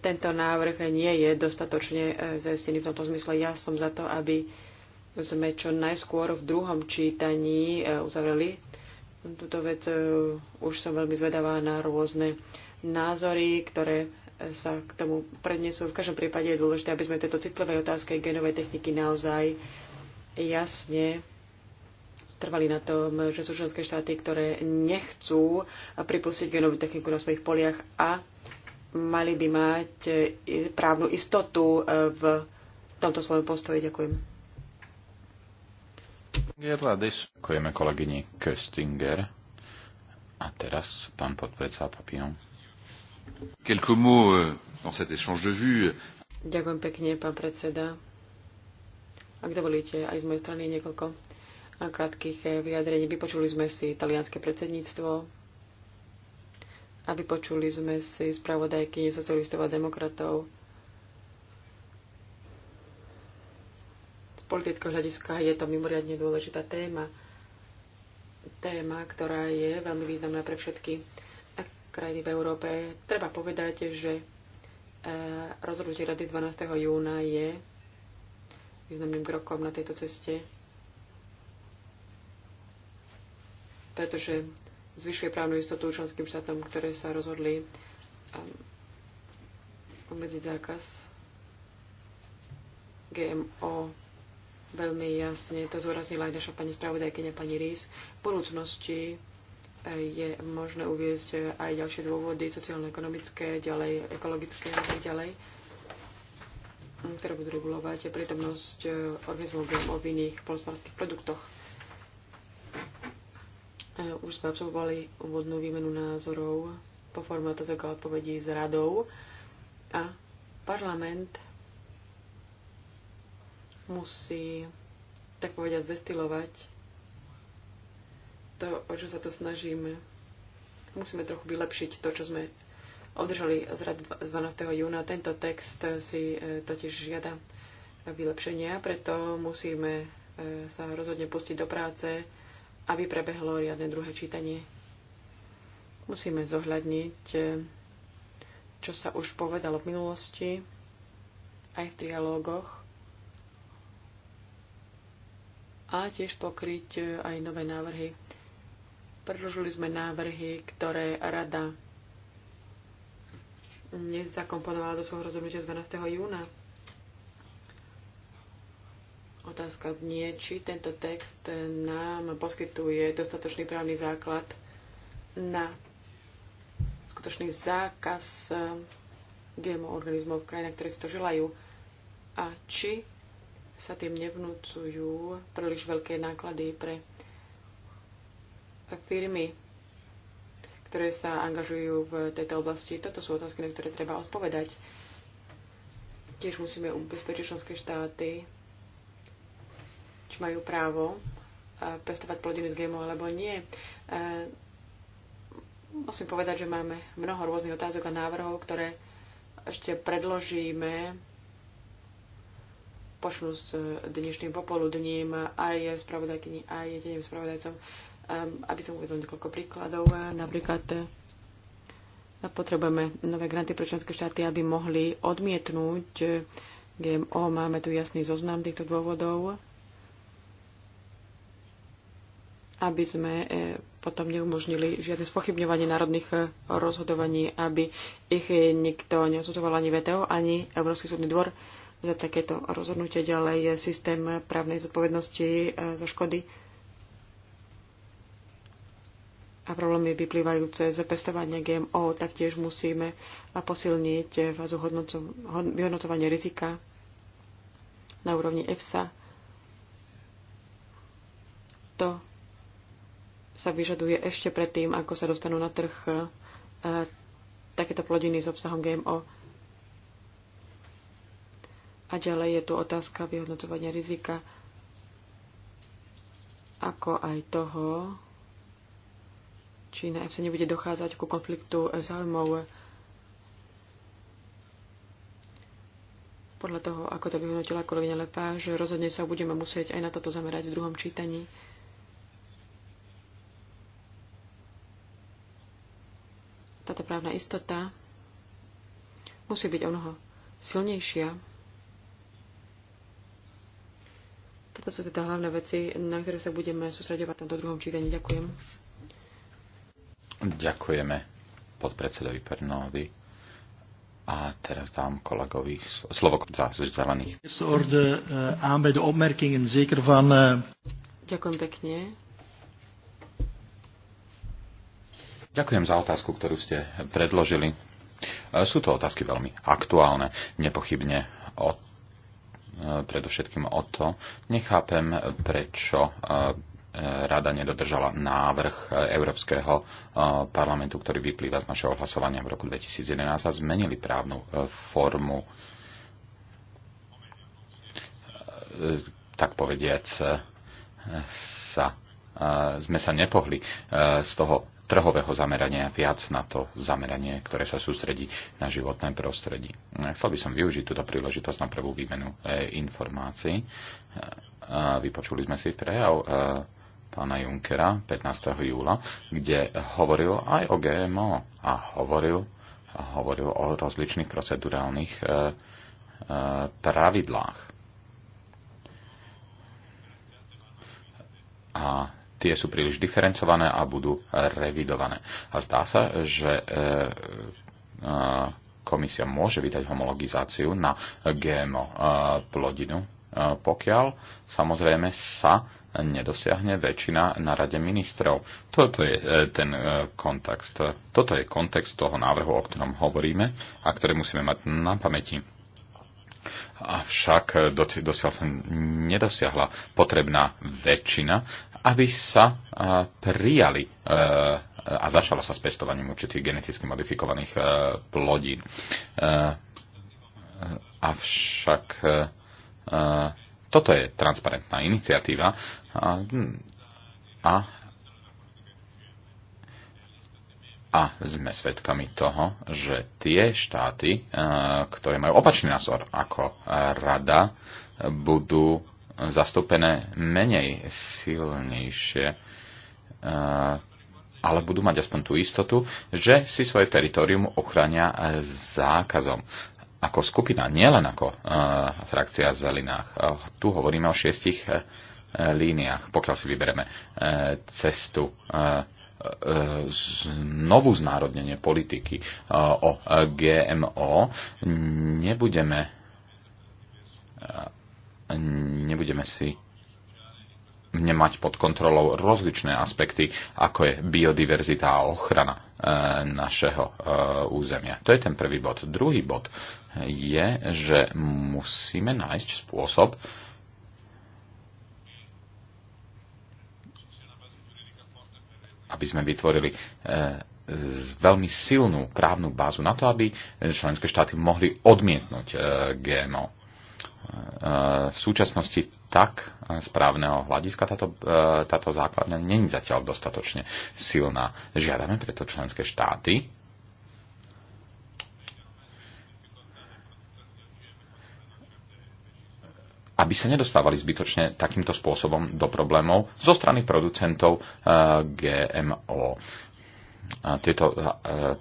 tento návrh nie je dostatočne zajistený v tomto zmysle. Ja som za to, aby sme čo najskôr v druhom čítaní uzavreli túto vec. Už som veľmi zvedavá na rôzne názory, ktoré sa k tomu prednesú. V každom prípade je dôležité, aby sme tejto citlovej otázke genovej techniky naozaj jasne trvali na tom, že sú členské štáty, ktoré nechcú pripustiť genovú techniku na svojich poliach a mali by mať eh, právnu istotu eh, v tomto svojom postoji. Ďakujem. Ďakujeme kolegyni Köstinger. A teraz pán podpredseda Papillon. Euh, Ďakujem pekne, pán predseda. Ak dovolíte, aj z mojej strany niekoľko krátkých eh, vyjadrení. Vypočuli sme si italianské predsedníctvo a vypočuli sme si spravodajky socialistov a demokratov. Z politického hľadiska je to mimoriadne dôležitá téma. Téma, ktorá je veľmi významná pre všetky krajiny v Európe. Treba povedať, že e, rozhodnutie Rady 12. júna je významným krokom na tejto ceste, pretože zvyšuje právnu istotu členským štátom, ktoré sa rozhodli um, obmedziť zákaz GMO veľmi jasne. To zúraznila aj naša pani spravodajkynia pani Rís. V budúcnosti je možné uviezť eh, aj ďalšie dôvody, sociálno-ekonomické, ďalej ekologické a tak ďalej, mm, ktoré budú regulovať prítomnosť eh, organizmov v iných polospodárských produktoch. Eh, už sme absolvovali úvodnú výmenu názorov po forme otázok a odpovedí s radou a parlament musí, tak povedať, zdestilovať to, o čo sa to snažíme. Musíme trochu vylepšiť to, čo sme obdržali z rady 12. júna. Tento text si e, totiž žiada vylepšenia, preto musíme e, sa rozhodne pustiť do práce, aby prebehlo riadne druhé čítanie. Musíme zohľadniť, e, čo sa už povedalo v minulosti, aj v trialógoch, a tiež pokryť aj nové návrhy. Predložili sme návrhy, ktoré rada nezakomponovala do svojho rozhodnutia z 12. júna. Otázka nie, či tento text nám poskytuje dostatočný právny základ na skutočný zákaz eh, GMO organizmov v krajinách, ktoré si to želajú a či sa tým nevnúcujú príliš veľké náklady pre firmy, ktoré sa angažujú v tejto oblasti. Toto sú otázky, na ktoré treba odpovedať. Tiež musíme ubezpečiť členské štáty, či majú právo eh, pestovať plodiny z GMO alebo nie. Eh, musím povedať, že máme mnoho rôznych otázok a návrhov, ktoré ešte predložíme počnú s eh, dnešným popoludním aj spravodajkyni, aj jediným spravodajcom Ehm, aby som uvedol niekoľko príkladov, napríklad e, potrebujeme nové granty pre členské štáty, aby mohli odmietnúť e, GMO. Máme tu jasný zoznam týchto dôvodov, aby sme e, potom neumožnili žiadne spochybňovanie národných rozhodovaní, aby ich nikto neosudzoval ani VTO, ani Európsky súdny dvor za takéto rozhodnutie ďalej je systém právnej zodpovednosti za škody a problémy vyplývajúce z pestovania GMO, taktiež musíme posilniť fázu vyhodnocovania rizika na úrovni EFSA. To sa vyžaduje ešte predtým, ako sa dostanú na trh e, takéto plodiny s obsahom GMO. A ďalej je tu otázka vyhodnocovania rizika, ako aj toho, či na EFSA nebude dochádzať ku konfliktu záujmov podľa toho, ako to vyhodnotila kolegyňa že rozhodne sa budeme musieť aj na toto zamerať v druhom čítaní. Táto právna istota musí byť o mnoho silnejšia. Toto sú teda hlavné veci, na ktoré sa budeme sústredovať na druhom čítaní. Ďakujem. Ďakujeme podpredsedovi Pernovi. A teraz dám kolegovi slovo za zelených. Eh, eh, Ďakujem pekne. Ďakujem za otázku, ktorú ste predložili. Eh, sú to otázky veľmi aktuálne, nepochybne o, predovšetkým o to. Nechápem, prečo rada nedodržala návrh e, Európskeho e, parlamentu, ktorý vyplýva z našeho hlasovania v roku 2011 a zmenili právnu e, formu tak povediac sa, sme sa nepohli z toho trhového zamerania viac na to zameranie, ktoré sa sústredí na životné prostredí. Chcel by som využiť túto príležitosť na prvú výmenu informácií. Vypočuli sme si prejav pána Junkera 15. júla, kde hovoril aj o GMO a hovoril, a hovoril o rozličných procedurálnych e, e, pravidlách. A tie sú príliš diferencované a budú revidované. A zdá sa, že e, e, komisia môže vydať homologizáciu na GMO e, plodinu E, pokiaľ samozrejme sa nedosiahne väčšina na rade ministrov. Toto je e, ten e, kontext. Toto je kontext toho návrhu, o ktorom hovoríme a ktoré musíme mať na pamäti. Avšak dosiaľ sa nedosiahla potrebná väčšina, aby sa prijali a začala sa s pestovaním určitých geneticky modifikovaných plodín. Avšak toto je transparentná iniciatíva a, hm, a, a sme svedkami toho, že tie štáty, ktoré majú opačný názor ako rada, budú zastúpené menej silnejšie ale budú mať aspoň tú istotu, že si svoje teritorium ochránia zákazom ako skupina, nielen ako e, frakcia Zelinách. E, eh, tu hovoríme o šiestich e, líniách, pokiaľ si vybereme e, cestu e, znovu znárodnenie politiky o GMO, nebudeme, nebudeme si mať pod kontrolou rozličné aspekty, ako je biodiverzita a ochrana e, našeho e, územia. To je ten prvý bod. Druhý bod je, že musíme nájsť spôsob, aby sme vytvorili e, veľmi silnú právnu bázu na to, aby členské štáty mohli odmietnúť GMO v súčasnosti tak správneho hľadiska táto, e, táto základňa není zatiaľ dostatočne silná. Žiadame preto členské štáty, aby sa nedostávali zbytočne takýmto spôsobom do problémov zo strany producentov e, GMO. A tieto e,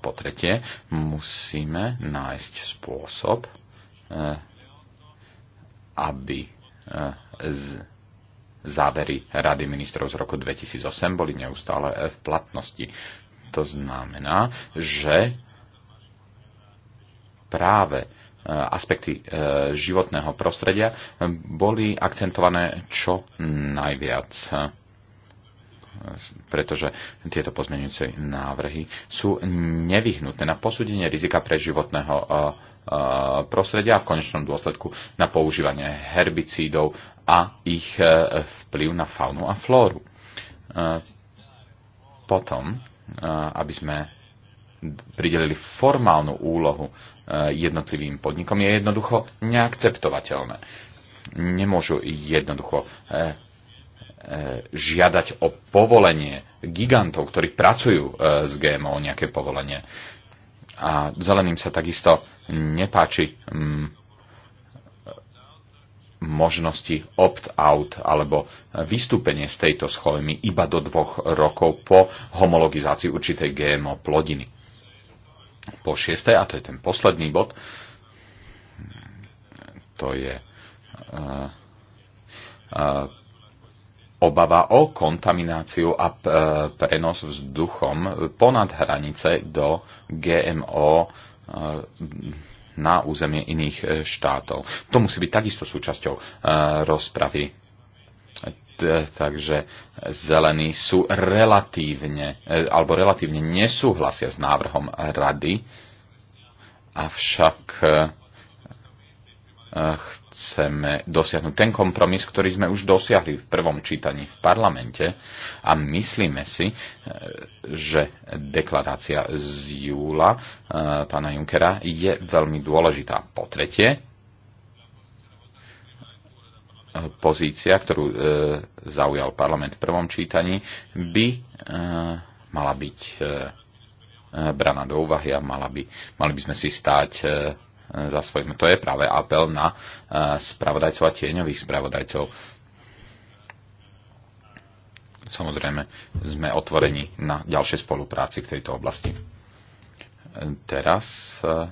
potretie musíme nájsť spôsob, aby eh, z závery Rady ministrov z roku 2008 boli neustále eh, v platnosti. To znamená, že práve eh, aspekty životného prostredia boli akcentované čo najviac pretože tieto pozmeňujúce návrhy sú nevyhnutné na posúdenie rizika pre životného eh, eh, prostredia a v konečnom dôsledku na používanie herbicídov a ich eh, vplyv na faunu a flóru. Potom, aby sme pridelili formálnu úlohu jednotlivým podnikom, je jednoducho neakceptovateľné. Nemôžu jednoducho E, žiadať o povolenie gigantov, ktorí pracujú e, s GMO, nejaké povolenie. A zeleným sa takisto nepáči mm, možnosti opt-out alebo vystúpenie z tejto schémy iba do dvoch rokov po homologizácii určitej GMO plodiny. Po šiesté, a to je ten posledný bod, to je uh, uh, obava o kontamináciu a e, prenos vzduchom ponad hranice do GMO e, na územie iných e, štátov. To musí byť takisto súčasťou rozpravy. Takže zelení sú relatívne, alebo relatívne nesúhlasia s návrhom rady, avšak chceme dosiahnuť ten kompromis, ktorý sme už dosiahli v prvom čítaní v parlamente a myslíme si, e, že deklarácia z júla e, pána Junkera je veľmi dôležitá. Po tretie, e, pozícia, ktorú zaujal parlament v prvom čítaní, by mala byť braná do úvahy a mala by, mali by sme si stáť za svojím. To je práve apel na e, spravodajcov a tieňových spravodajcov. Samozrejme, sme otvorení na ďalšej spolupráci v tejto oblasti. E, teraz e,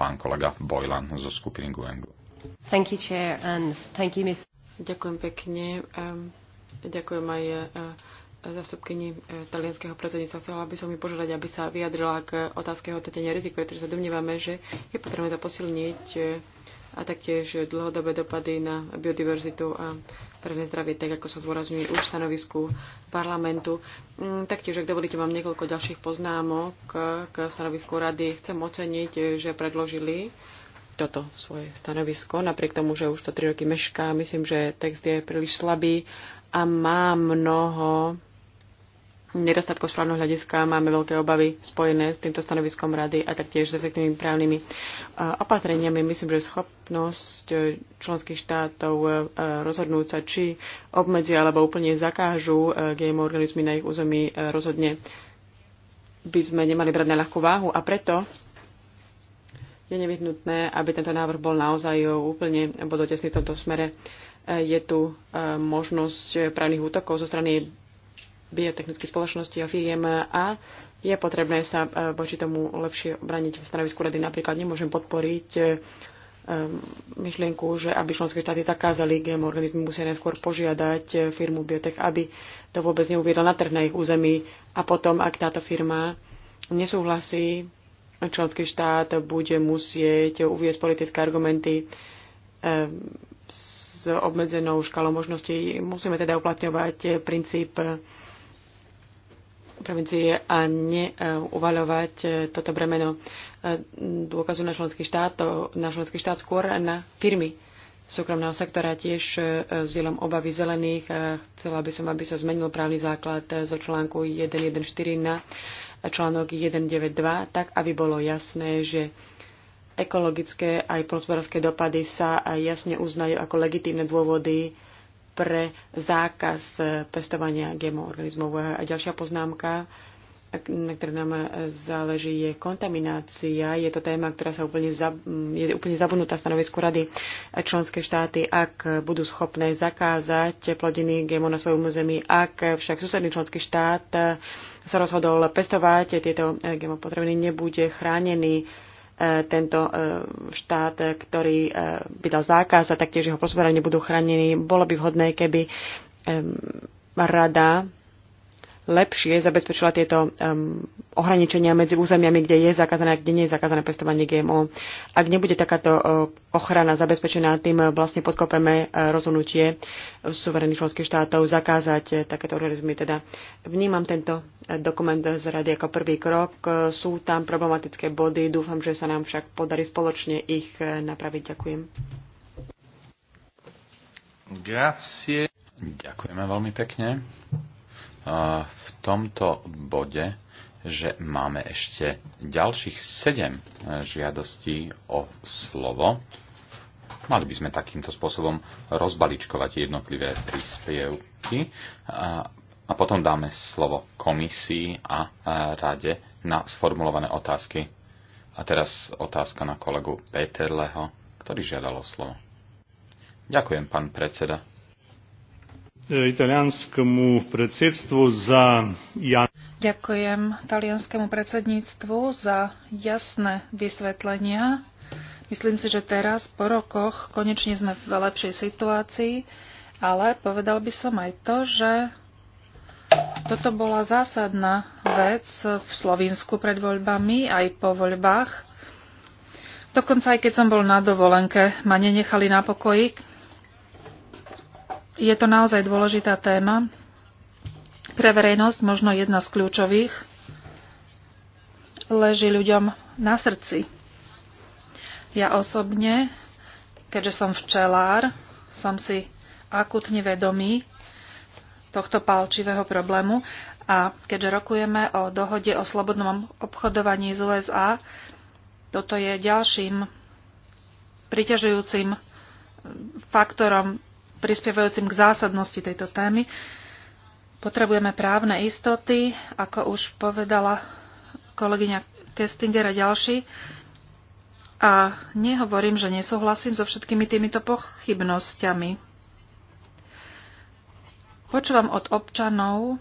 pán kolega Bojlan zo skupiny Guengu. Thank you, Chair, and thank you, Ms. Ďakujem pekne. Ďakujem aj zastupkyni e, talianského predsedníctva. Chcela by som ju požiadať, aby sa vyjadrila k otázke hodnotenia rizik, pretože sa domnievame, že je potrebné to posilniť e, a taktiež dlhodobé dopady na biodiverzitu a verejné zdravie, tak ako sa zdôrazňuje už v stanovisku parlamentu. Mm, taktiež, ak dovolíte, mám niekoľko ďalších poznámok k stanovisku rady. Chcem oceniť, e, že predložili toto svoje stanovisko, napriek tomu, že už to tri roky mešká. Myslím, že text je príliš slabý a má mnoho nedostatkov právneho hľadiska máme veľké obavy spojené s týmto stanoviskom rady a taktiež s efektívnymi právnymi e, opatreniami. Myslím, že schopnosť e, členských štátov e, rozhodnúť sa, či obmedzia alebo úplne zakážu GMO organizmy na ich území rozhodne by sme nemali brať na ľahkú váhu a preto je nevyhnutné, aby tento návrh bol naozaj úplne bodotesný v tomto smere. Je tu možnosť právnych útokov zo strany biotechnických spoločností a firiem a je potrebné sa e, voči tomu lepšie braniť v stanovisku rady. Napríklad nemôžem podporiť e, e, myšlienku, že aby členské štáty zakázali GMO organizmy, musia najskôr požiadať firmu Biotech, aby to vôbec neuviedla na trh na ich území a potom, ak táto firma nesúhlasí, členský štát bude musieť uviezť politické argumenty s obmedzenou škálou možností. Musíme teda uplatňovať princíp prevencie a neuvaľovať e, toto bremeno e, dôkazu na členský štát, na členský štát skôr na firmy súkromného sektora tiež e, s dielom obavy zelených. Chcela by som, aby sa zmenil právny základ zo článku 1.1.4 na článok 1.9.2, tak aby bolo jasné, že ekologické aj hospodárske dopady sa jasne uznajú ako legitímne dôvody pre zákaz pestovania GMO organizmov. A ďalšia poznámka, na ktorej nám záleží, je kontaminácia. Je to téma, ktorá sa úplne, za, je úplne zabudnutá stanovisku rady. Členské štáty, ak budú schopné zakázať plodiny GMO na svojom území, ak však susedný členský štát sa rozhodol pestovať tieto GMO potraviny, nebude chránený E, tento e, štát, ktorý e, by dal zákaz a taktiež jeho hospodárenia budú chránení. Bolo by vhodné, keby rada lepšie zabezpečila tieto um, ohraničenia medzi územiami, kde je zakázané a kde nie je zakázané pestovanie GMO. Ak nebude takáto uh, ochrana zabezpečená, tým uh, vlastne podkopeme uh, rozhodnutie suverených členských štátov zakázať uh, takéto organizmy. Teda vnímam tento uh, dokument z rady ako prvý krok. Uh, sú tam problematické body, dúfam, že sa nám však podarí spoločne ich uh, napraviť. Ďakujem. Grazie. Ďakujeme veľmi pekne v tomto bode, že máme ešte ďalších 7 eh, žiadostí o slovo. Mali by sme takýmto spôsobom rozbaličkovať jednotlivé príspevky a, potom dáme slovo komisii a, rade na sformulované otázky. A teraz otázka na kolegu Peterleho, ktorý žiadal o slovo. Ďakujem, pán predseda. E, italianskému predsedstvu za ja... Ďakujem talianskému predsedníctvu za jasné vysvetlenia. Myslím si, že teraz po rokoch konečne sme v lepšej situácii, ale povedal by som aj to, že toto bola zásadná vec v Slovensku pred voľbami aj po voľbách. Dokonca aj keď som bol na dovolenke, ma nenechali na pokoji, je to naozaj dôležitá téma. Pre verejnosť možno jedna z kľúčových leží ľuďom na srdci. Ja osobne, keďže som včelár, som si akutne vedomý tohto palčivého problému a keďže rokujeme o dohode o slobodnom obchodovaní z USA, toto je ďalším priťažujúcim faktorom prispievajúcim k zásadnosti tejto témy. Potrebujeme právne istoty, ako už povedala kolegyňa Kestinger a ďalší. A nehovorím, že nesúhlasím so všetkými týmito pochybnosťami. Počúvam od občanov,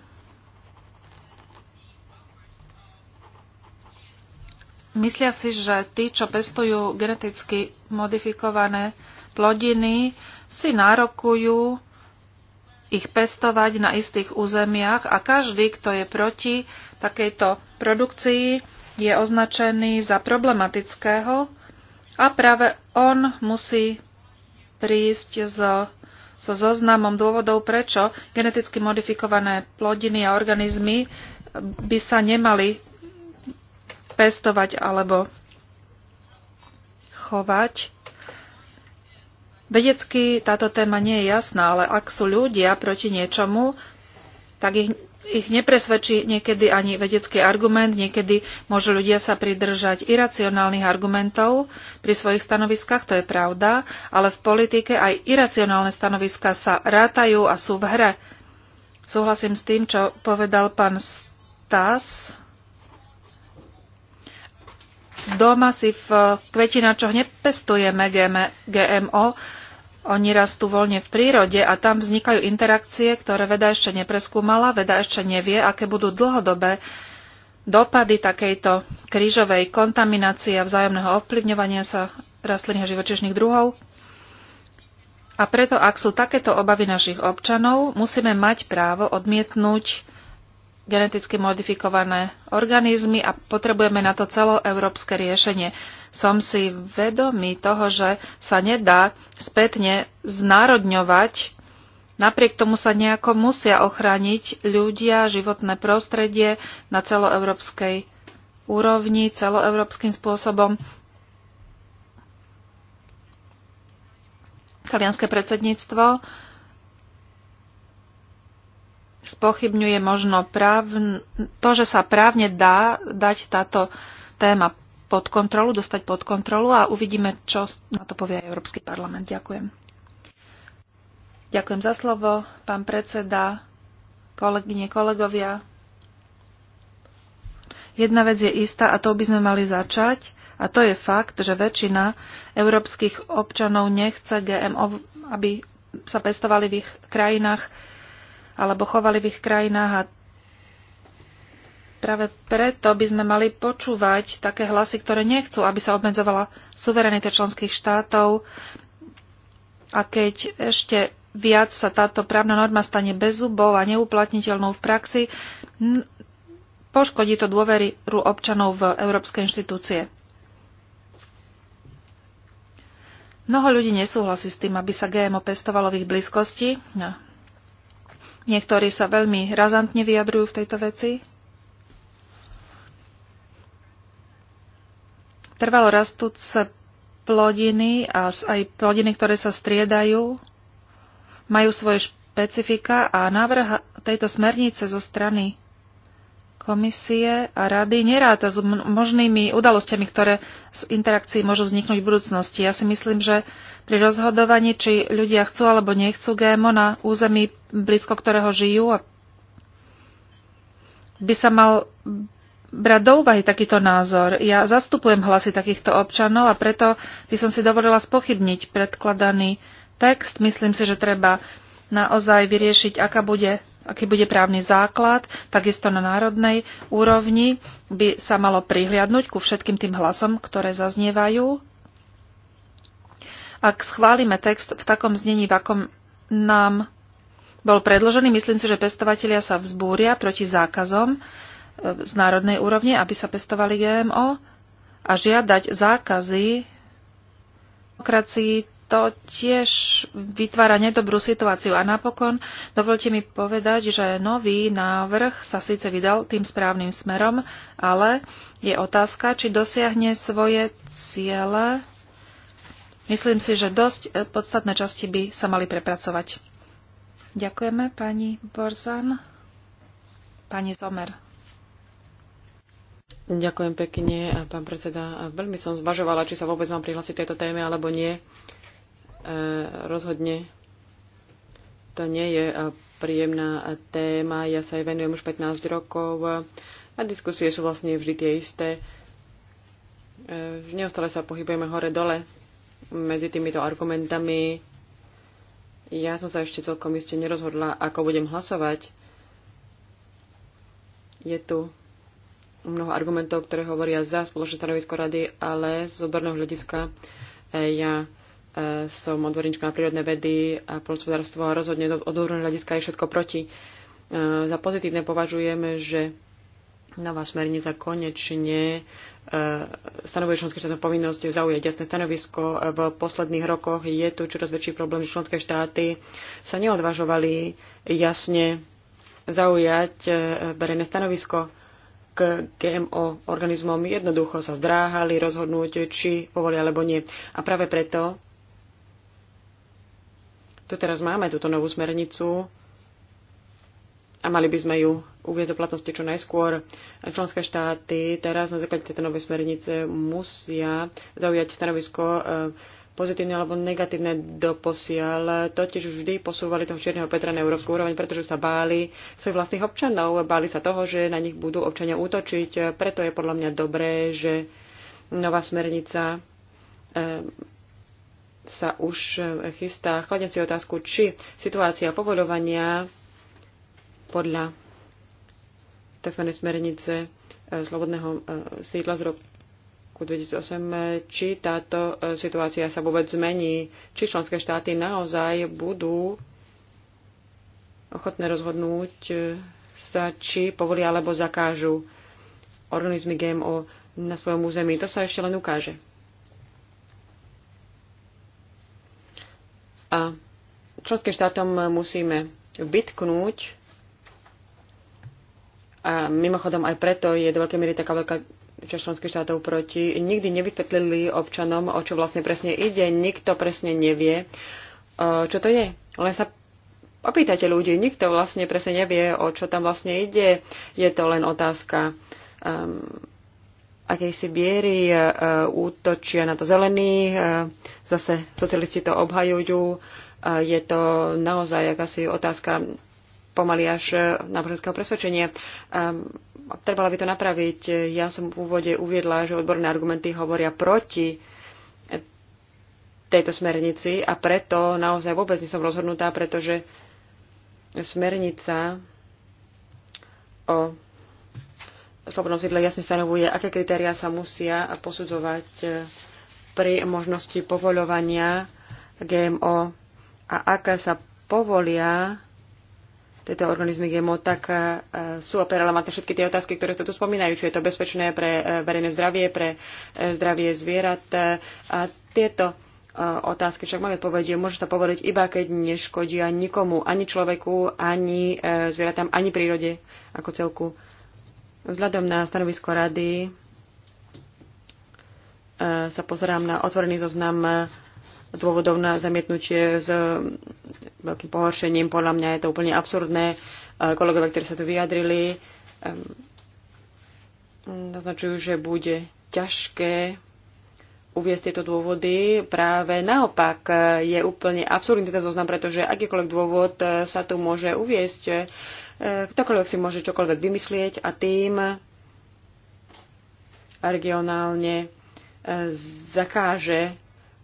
Myslia si, že tí, čo pestujú geneticky modifikované plodiny si nárokujú ich pestovať na istých územiach a každý, kto je proti takejto produkcii, je označený za problematického a práve on musí prísť so, so zoznamom dôvodov, prečo geneticky modifikované plodiny a organizmy by sa nemali pestovať alebo chovať. Vedecky táto téma nie je jasná, ale ak sú ľudia proti niečomu, tak ich, ich nepresvedčí niekedy ani vedecký argument, niekedy môžu ľudia sa pridržať iracionálnych argumentov pri svojich stanoviskách, to je pravda, ale v politike aj iracionálne stanoviska sa rátajú a sú v hre. Súhlasím s tým, čo povedal pán Stas. Doma si v kvetinačoch nepestujeme GMO, oni rastú voľne v prírode a tam vznikajú interakcie, ktoré veda ešte nepreskúmala, veda ešte nevie, aké budú dlhodobé dopady takejto krížovej kontaminácie a vzájomného ovplyvňovania sa rastlinných a živočišných druhov. A preto, ak sú takéto obavy našich občanov, musíme mať právo odmietnúť geneticky modifikované organizmy a potrebujeme na to celoeurópske riešenie som si vedomý toho, že sa nedá spätne znárodňovať. Napriek tomu sa nejako musia ochrániť ľudia, životné prostredie na celoeurópskej úrovni, celoeurópskym spôsobom. Talianské predsedníctvo spochybňuje možno práv, to, že sa právne dá dať táto téma pod kontrolu, dostať pod kontrolu a uvidíme, čo na to povie aj Európsky parlament. Ďakujem. Ďakujem za slovo, pán predseda, kolegyne, kolegovia. Jedna vec je istá a to by sme mali začať. A to je fakt, že väčšina európskych občanov nechce GMO, aby sa pestovali v ich krajinách alebo chovali v ich krajinách a Práve preto by sme mali počúvať také hlasy, ktoré nechcú, aby sa obmedzovala suverenita členských štátov. A keď ešte viac sa táto právna norma stane bez zubov a neuplatniteľnou v praxi, poškodí to dôveru občanov v európske inštitúcie. Mnoho ľudí nesúhlasí s tým, aby sa GMO pestovalo v ich blízkosti. No. Niektorí sa veľmi razantne vyjadrujú v tejto veci, Trvalo rastúce plodiny a aj plodiny, ktoré sa striedajú, majú svoje špecifika a návrh tejto smernice zo strany komisie a rady neráta s možnými udalosťami, ktoré z interakcií môžu vzniknúť v budúcnosti. Ja si myslím, že pri rozhodovaní, či ľudia chcú alebo nechcú GMO na území, blízko ktorého žijú, by sa mal brať do úvahy takýto názor. Ja zastupujem hlasy takýchto občanov a preto by som si dovolila spochybniť predkladaný text. Myslím si, že treba naozaj vyriešiť, aká bude, aký bude právny základ. Takisto na národnej úrovni by sa malo prihliadnúť ku všetkým tým hlasom, ktoré zaznievajú. Ak schválime text v takom znení, v akom nám bol predložený, myslím si, že pestovatelia sa vzbúria proti zákazom, z národnej úrovne, aby sa pestovali GMO a žiadať zákazy demokracii to tiež vytvára nedobrú situáciu. A napokon dovolte mi povedať, že nový návrh sa síce vydal tým správnym smerom, ale je otázka, či dosiahne svoje ciele. Myslím si, že dosť podstatné časti by sa mali prepracovať. Ďakujeme pani Borzan. Pani Zomer. Ďakujem pekne, pán predseda. Veľmi som zvažovala, či sa vôbec mám prihlásiť tejto téme alebo nie. E, rozhodne to nie je e, príjemná téma. Ja sa jej venujem už 15 rokov e, a diskusie sú vlastne vždy tie isté. Neustále sa pohybujeme hore-dole medzi týmito argumentami. Ja som sa ešte celkom iste nerozhodla, ako budem hlasovať. Je tu mnoho argumentov, ktoré hovoria za spoločné stanovisko rady, ale z odborného hľadiska eh, ja eh, som odborníčka na prírodné vedy a polospodárstvo a rozhodne od odborného hľadiska je všetko proti. Eh, za pozitívne považujeme, že nová smernica konečne stanovuje členské štáty povinnosť zaujať jasné stanovisko. V posledných rokoch je tu čoraz väčší problém, že členské štáty sa neodvažovali jasne zaujať verejné stanovisko k GMO organizmom jednoducho sa zdráhali rozhodnúť, či povolia alebo nie. A práve preto tu teraz máme túto novú smernicu a mali by sme ju uvieť do platnosti čo najskôr. Členské štáty teraz na základe tejto novej smernice musia zaujať stanovisko eh, pozitívne alebo negatívne doposiaľ, totiž vždy posúvali toho Čierneho Petra na európsku úroveň, pretože sa báli svojich vlastných občanov, báli sa toho, že na nich budú občania útočiť. Preto je podľa mňa dobré, že nová smernica eh, sa už eh, chystá. Chladím si otázku, či situácia povoľovania podľa tzv. smernice eh, slobodného sídla z roku roku 2008, či táto e, situácia sa vôbec zmení, či členské štáty naozaj budú ochotné rozhodnúť e, sa, či povolia alebo zakážu organizmy GMO na svojom území. To sa ešte len ukáže. A členským štátom musíme vytknúť a mimochodom aj preto je do veľkej miery taká veľká členských štátov proti, nikdy nevysvetlili občanom, o čo vlastne presne ide. Nikto presne nevie, e, čo to je. Len sa opýtajte ľudí, nikto vlastne presne nevie, o čo tam vlastne ide. Je to len otázka um, akejsi biery uh, e, útočia na to zelený, uh, e, zase socialisti to obhajujú. Uh, je to naozaj akási otázka pomaly až e, náboženského presvedčenia. Ehm, trebalo by to napraviť. Ja som v úvode uviedla, že odborné argumenty hovoria proti tejto smernici a preto naozaj vôbec nie som rozhodnutá, pretože smernica o slobodnom sídle jasne stanovuje, aké kritériá sa musia posudzovať e, pri možnosti povoľovania GMO a aká sa povolia tieto organizmy GMO, tak e, sú relevantné všetky tie otázky, ktoré sa tu spomínajú, či je to bezpečné pre e, verejné zdravie, pre e, zdravie zvierat. A tieto otázky však majú odpovedie. Môžu sa povedať iba, keď neškodia nikomu, ani človeku, ani zvieratám, ani prírode ako celku. Vzhľadom na stanovisko rady sa pozerám na otvorený zoznam dôvodov na zamietnutie s e, veľkým pohoršením. Podľa mňa je to úplne absurdné. E, kolegovia, ktorí sa tu vyjadrili, e, naznačujú, že bude ťažké uviesť tieto dôvody. Práve naopak je úplne absurdný tento zoznam, pretože akýkoľvek dôvod sa tu môže uviesť. Ktokoľvek si môže čokoľvek vymyslieť a tým regionálne zakáže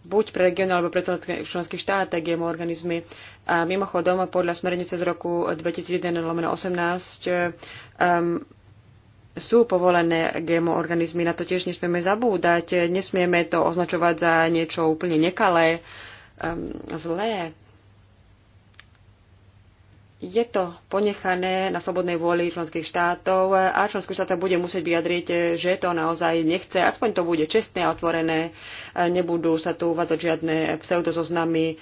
buď pre región alebo pre celé členských a GMO organizmy. A mimochodom, podľa smernice z roku 2001 18 um, sú povolené GMO organizmy, na to tiež nesmieme zabúdať, nesmieme to označovať za niečo úplne nekalé, um, zlé je to ponechané na slobodnej vôli členských štátov a členské štáty bude musieť vyjadriť, že to naozaj nechce. Aspoň to bude čestné a otvorené. Nebudú sa tu uvádzať žiadne pseudozoznamy.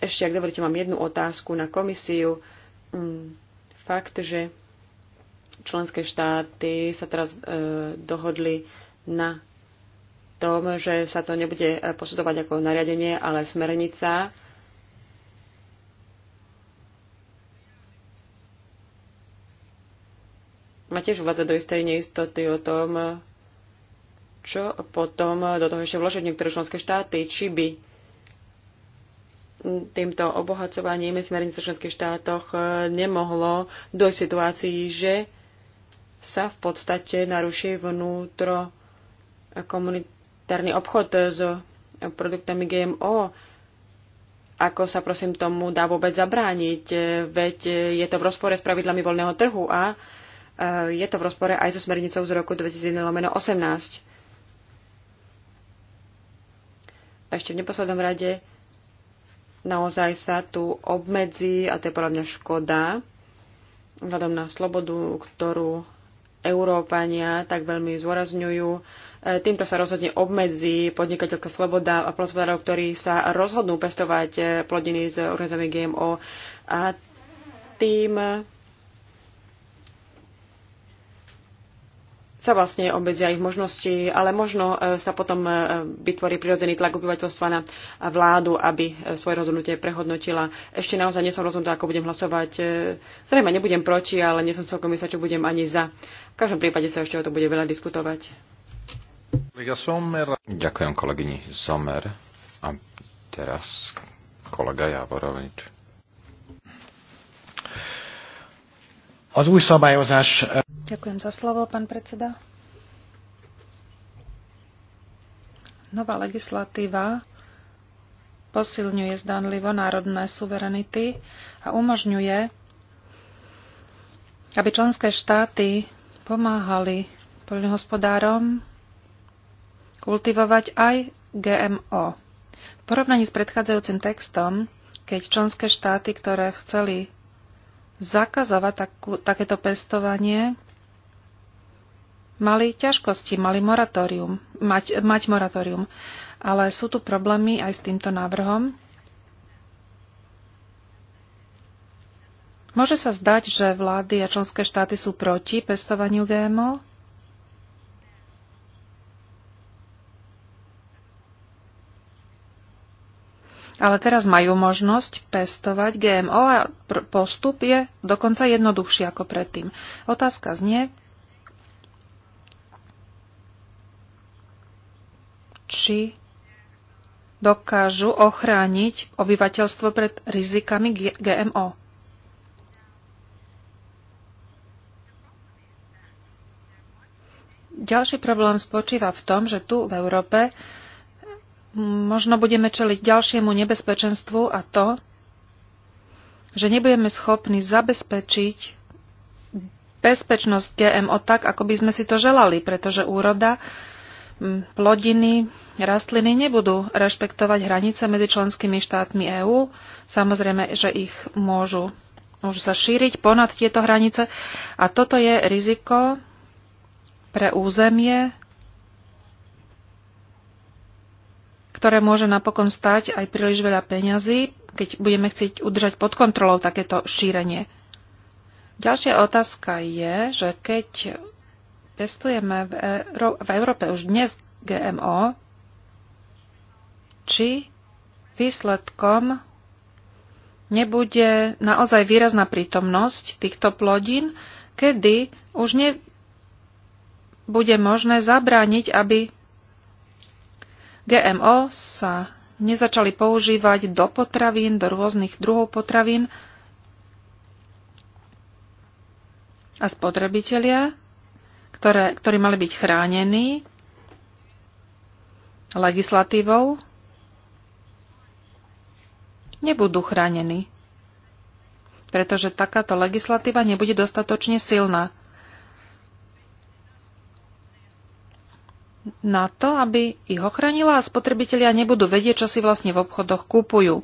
Ešte, ak dovolíte, mám jednu otázku na komisiu. Mm, fakt, že členské štáty sa teraz e, dohodli na tom, že sa to nebude posudovať ako nariadenie, ale smernica ma tiež uvádza do istej neistoty o tom, čo potom do toho ešte vložiť niektoré členské štáty, či by týmto obohacovaním smernice v členských štátoch nemohlo do situácií, že sa v podstate naruší vnútro komunitárny obchod s produktami GMO. Ako sa prosím tomu dá vôbec zabrániť? Veď je to v rozpore s pravidlami voľného trhu a Eh, je to v rozpore aj so smernicou z roku 2001 18. A ešte v neposlednom rade naozaj sa tu obmedzí, a to je podľa mňa škoda, vzhľadom na slobodu, ktorú Európania tak veľmi zôrazňujú. Eh, týmto sa rozhodne obmedzí podnikateľka sloboda a plnospodárov, ktorí sa rozhodnú pestovať eh, plodiny z organizovaných GMO. A tým sa vlastne obmedzia ich možnosti, ale možno e, sa potom e, vytvorí prirodzený tlak obyvateľstva na vládu, aby e, svoje rozhodnutie prehodnotila. Ešte naozaj nie som rozhodnutá, ako budem hlasovať. Zrejme nebudem proti, ale nie som celkom sa, čo budem ani za. V každom prípade sa ešte o to bude veľa diskutovať. Ďakujem kolegyni Somer. A teraz kolega Javorovič. Az új szabályozás... Ďakujem za slovo, pán predseda. Nová legislatíva posilňuje zdanlivo národné suverenity a umožňuje, aby členské štáty pomáhali poľnohospodárom kultivovať aj GMO. V porovnaní s predchádzajúcim textom, keď členské štáty, ktoré chceli zakazovať takú, takéto pestovanie, mali ťažkosti, mali moratórium, mať, mať moratórium. Ale sú tu problémy aj s týmto návrhom. Môže sa zdať, že vlády a členské štáty sú proti pestovaniu GMO, ale teraz majú možnosť pestovať GMO a postup je dokonca jednoduchší ako predtým. Otázka znie, či dokážu ochrániť obyvateľstvo pred rizikami GMO. Ďalší problém spočíva v tom, že tu v Európe možno budeme čeliť ďalšiemu nebezpečenstvu a to, že nebudeme schopní zabezpečiť bezpečnosť GMO tak, ako by sme si to želali, pretože úroda, plodiny, rastliny nebudú rešpektovať hranice medzi členskými štátmi EÚ. Samozrejme, že ich môžu, môžu sa šíriť ponad tieto hranice. A toto je riziko pre územie, ktoré môže napokon stať aj príliš veľa peňazí, keď budeme chcieť udržať pod kontrolou takéto šírenie. Ďalšia otázka je, že keď pestujeme v, Euró- v Európe už dnes GMO, či výsledkom nebude naozaj výrazná prítomnosť týchto plodín, kedy už nebude možné zabrániť, aby GMO sa nezačali používať do potravín, do rôznych druhov potravín a spotrebitelia, ktoré, ktorí mali byť chránení legislatívou, nebudú chránení, pretože takáto legislatíva nebude dostatočne silná. na to, aby ich ochránila a spotrebitelia nebudú vedieť, čo si vlastne v obchodoch kúpujú.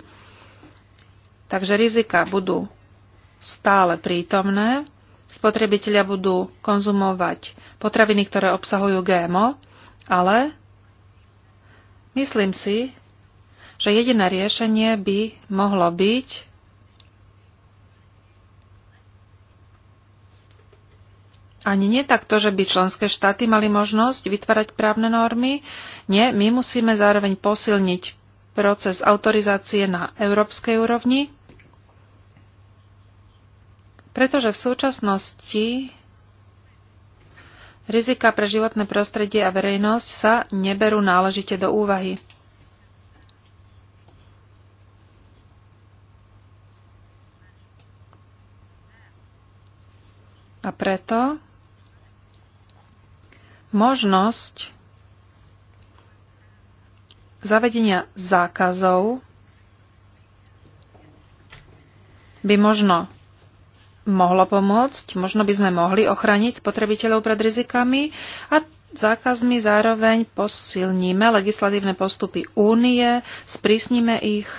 Takže rizika budú stále prítomné, spotrebitelia budú konzumovať potraviny, ktoré obsahujú GMO, ale myslím si, že jediné riešenie by mohlo byť Ani nie takto, že by členské štáty mali možnosť vytvárať právne normy. Nie, my musíme zároveň posilniť proces autorizácie na európskej úrovni, pretože v súčasnosti rizika pre životné prostredie a verejnosť sa neberú náležite do úvahy. A preto možnosť zavedenia zákazov by možno mohlo pomôcť, možno by sme mohli ochraniť spotrebiteľov pred rizikami a zákazmi zároveň posilníme legislatívne postupy únie, sprísnime ich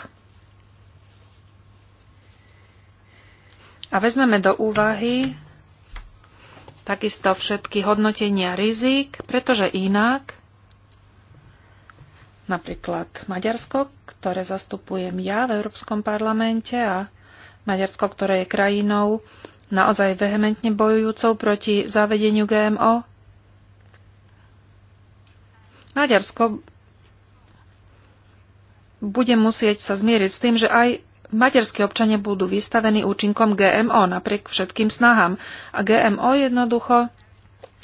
a vezmeme do úvahy takisto všetky hodnotenia rizik, pretože inak napríklad Maďarsko, ktoré zastupujem ja v Európskom parlamente a Maďarsko, ktoré je krajinou naozaj vehementne bojujúcou proti zavedeniu GMO. Maďarsko bude musieť sa zmieriť s tým, že aj materskí občania budú vystavení účinkom GMO napriek všetkým snahám. A GMO jednoducho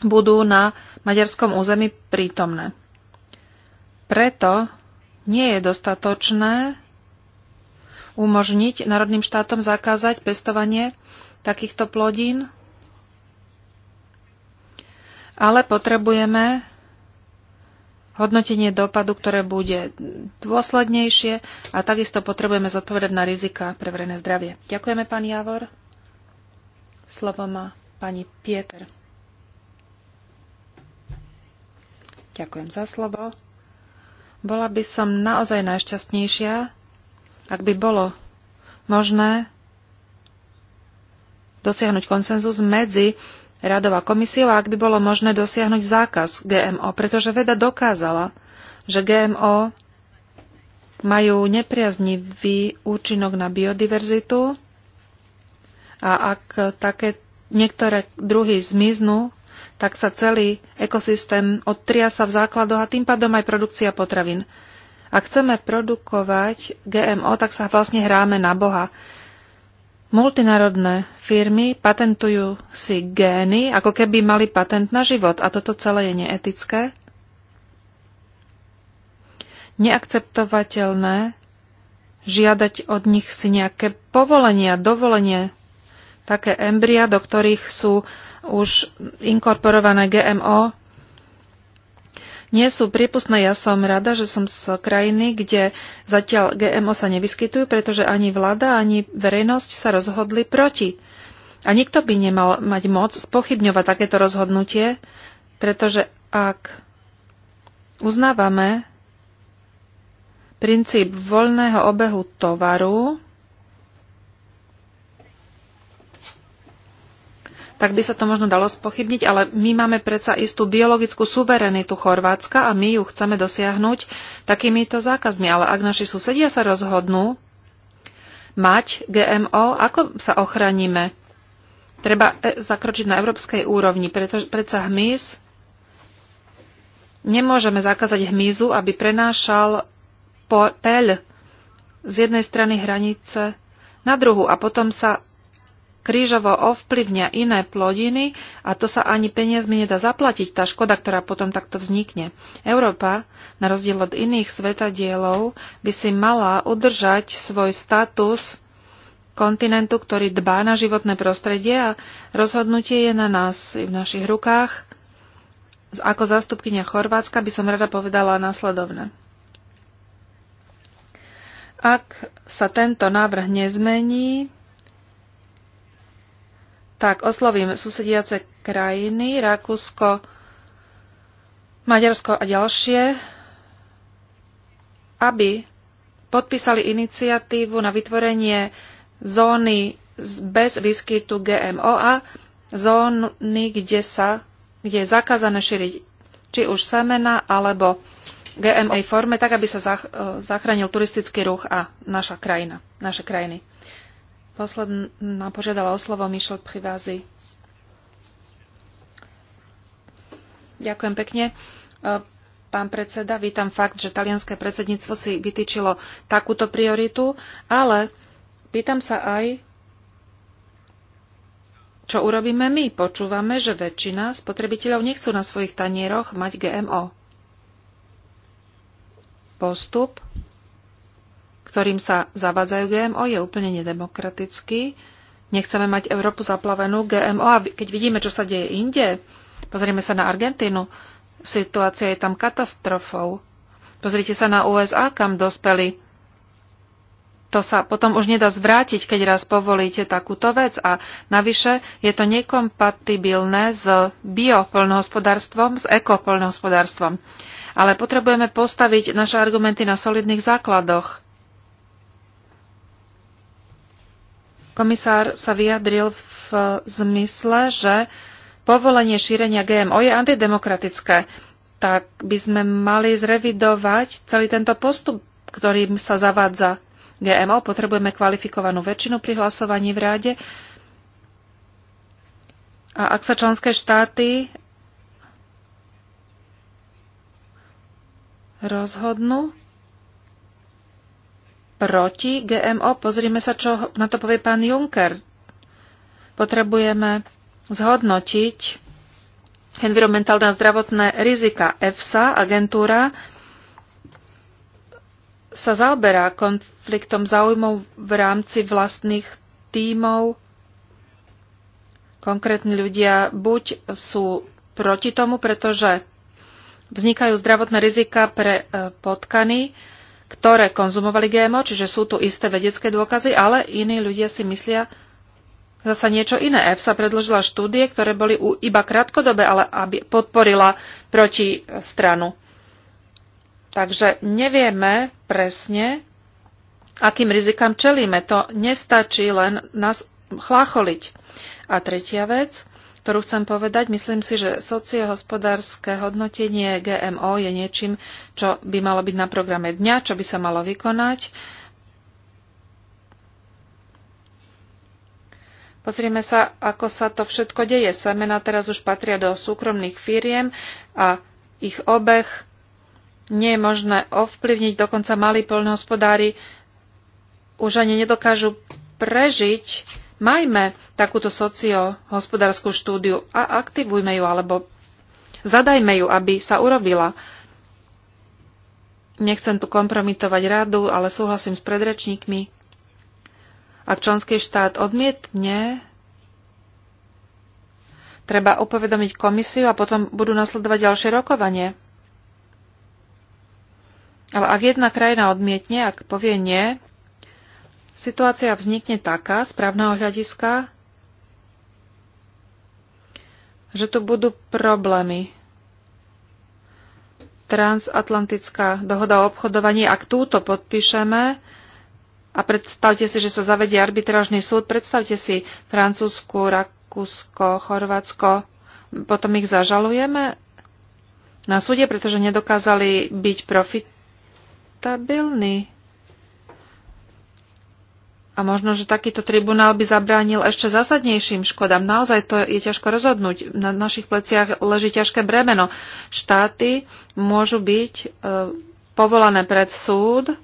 budú na maďarskom území prítomné. Preto nie je dostatočné umožniť národným štátom zakázať pestovanie takýchto plodín, ale potrebujeme hodnotenie dopadu, ktoré bude dôslednejšie a takisto potrebujeme zodpovedať na rizika pre verejné zdravie. Ďakujeme, pán Javor. Slovo má pani Pieter. Ďakujem za slovo. Bola by som naozaj najšťastnejšia, ak by bolo možné dosiahnuť konsenzus medzi Radová komisiou, ak by bolo možné dosiahnuť zákaz GMO, pretože veda dokázala, že GMO majú nepriaznivý účinok na biodiverzitu a ak také niektoré druhy zmiznú, tak sa celý ekosystém odtria sa v základoch a tým pádom aj produkcia potravín. Ak chceme produkovať GMO, tak sa vlastne hráme na Boha. Multinárodné firmy patentujú si gény, ako keby mali patent na život a toto celé je neetické, neakceptovateľné žiadať od nich si nejaké povolenia, dovolenie, také embria, do ktorých sú už inkorporované GMO, nie sú priepustné. Ja som rada, že som z krajiny, kde zatiaľ GMO sa nevyskytujú, pretože ani vláda, ani verejnosť sa rozhodli proti. A nikto by nemal mať moc spochybňovať takéto rozhodnutie, pretože ak uznávame princíp voľného obehu tovaru, tak by sa to možno dalo spochybniť, ale my máme predsa istú biologickú suverenitu Chorvátska a my ju chceme dosiahnuť takýmito zákazmi. Ale ak naši susedia sa rozhodnú mať GMO, ako sa ochraníme? Treba e, zakročiť na európskej úrovni, pretože predsa hmyz nemôžeme zakázať hmyzu, aby prenášal peľ z jednej strany hranice na druhu a potom sa krížovo ovplyvňa iné plodiny a to sa ani peniazmi nedá zaplatiť, tá škoda, ktorá potom takto vznikne. Európa, na rozdiel od iných svetadielov, by si mala udržať svoj status kontinentu, ktorý dbá na životné prostredie a rozhodnutie je na nás, v našich rukách. Ako zastupkynia Chorvátska by som rada povedala následovné. Ak sa tento návrh nezmení, tak oslovím susediace krajiny, Rakúsko, Maďarsko a ďalšie, aby podpísali iniciatívu na vytvorenie zóny bez výskytu GMO a zóny, kde, sa, kde je zakázané šíriť či už semena alebo GMO forme, tak aby sa e, zachránil turistický ruch a naša krajina, naše krajiny. Posledná požiadala o slovo Michel Privázy. Ďakujem pekne. E, pán predseda, vítam fakt, že talianské predsedníctvo si vytýčilo takúto prioritu, ale pýtam sa aj, čo urobíme my. Počúvame, že väčšina spotrebiteľov nechcú na svojich tanieroch mať GMO. Postup ktorým sa zavádzajú GMO, je úplne nedemokratický. Nechceme mať Európu zaplavenú GMO a keď vidíme, čo sa deje inde, pozrieme sa na Argentínu, situácia je tam katastrofou. Pozrite sa na USA, kam dospeli. To sa potom už nedá zvrátiť, keď raz povolíte takúto vec a navyše je to nekompatibilné s biopolnohospodárstvom, s ekopolnohospodárstvom. Ale potrebujeme postaviť naše argumenty na solidných základoch. Komisár sa vyjadril v zmysle, že povolenie šírenia GMO je antidemokratické. Tak by sme mali zrevidovať celý tento postup, ktorým sa zavádza GMO. Potrebujeme kvalifikovanú väčšinu pri hlasovaní v ráde. A ak sa členské štáty rozhodnú, proti GMO. Pozrime sa, čo na to povie pán Juncker. Potrebujeme zhodnotiť environmentálne a zdravotné rizika. EFSA, agentúra, sa zaoberá konfliktom záujmov v rámci vlastných tímov. Konkrétni ľudia buď sú proti tomu, pretože vznikajú zdravotné rizika pre e, potkany, ktoré konzumovali GMO, čiže sú tu isté vedecké dôkazy, ale iní ľudia si myslia zasa niečo iné. EFSA predložila štúdie, ktoré boli iba krátkodobé, ale aby podporila proti e, stranu. Takže nevieme presne, akým rizikám čelíme. To nestačí len nás chlácholiť. A tretia vec, ktorú chcem povedať. Myslím si, že sociohospodárske hodnotenie GMO je niečím, čo by malo byť na programe dňa, čo by sa malo vykonať. Pozrieme sa, ako sa to všetko deje. Semena teraz už patria do súkromných firiem a ich obeh nie je možné ovplyvniť. Dokonca malí poľnohospodári už ani nedokážu prežiť Majme takúto sociohospodárskú štúdiu a aktivujme ju, alebo zadajme ju, aby sa urobila. Nechcem tu kompromitovať radu, ale súhlasím s predrečníkmi. Ak členský štát odmietne, treba upovedomiť komisiu a potom budú nasledovať ďalšie rokovanie. Ale ak jedna krajina odmietne, ak povie nie, situácia vznikne taká z právneho hľadiska, že tu budú problémy. Transatlantická dohoda o obchodovaní, ak túto podpíšeme, a predstavte si, že sa zavedie arbitrážny súd, predstavte si Francúzsku, Rakúsko, Chorvátsko, potom ich zažalujeme na súde, pretože nedokázali byť profitabilní. A možno, že takýto tribunál by zabránil ešte zásadnejším škodám. Naozaj to je ťažko rozhodnúť. Na našich pleciach leží ťažké bremeno. Štáty môžu byť e, povolané pred súd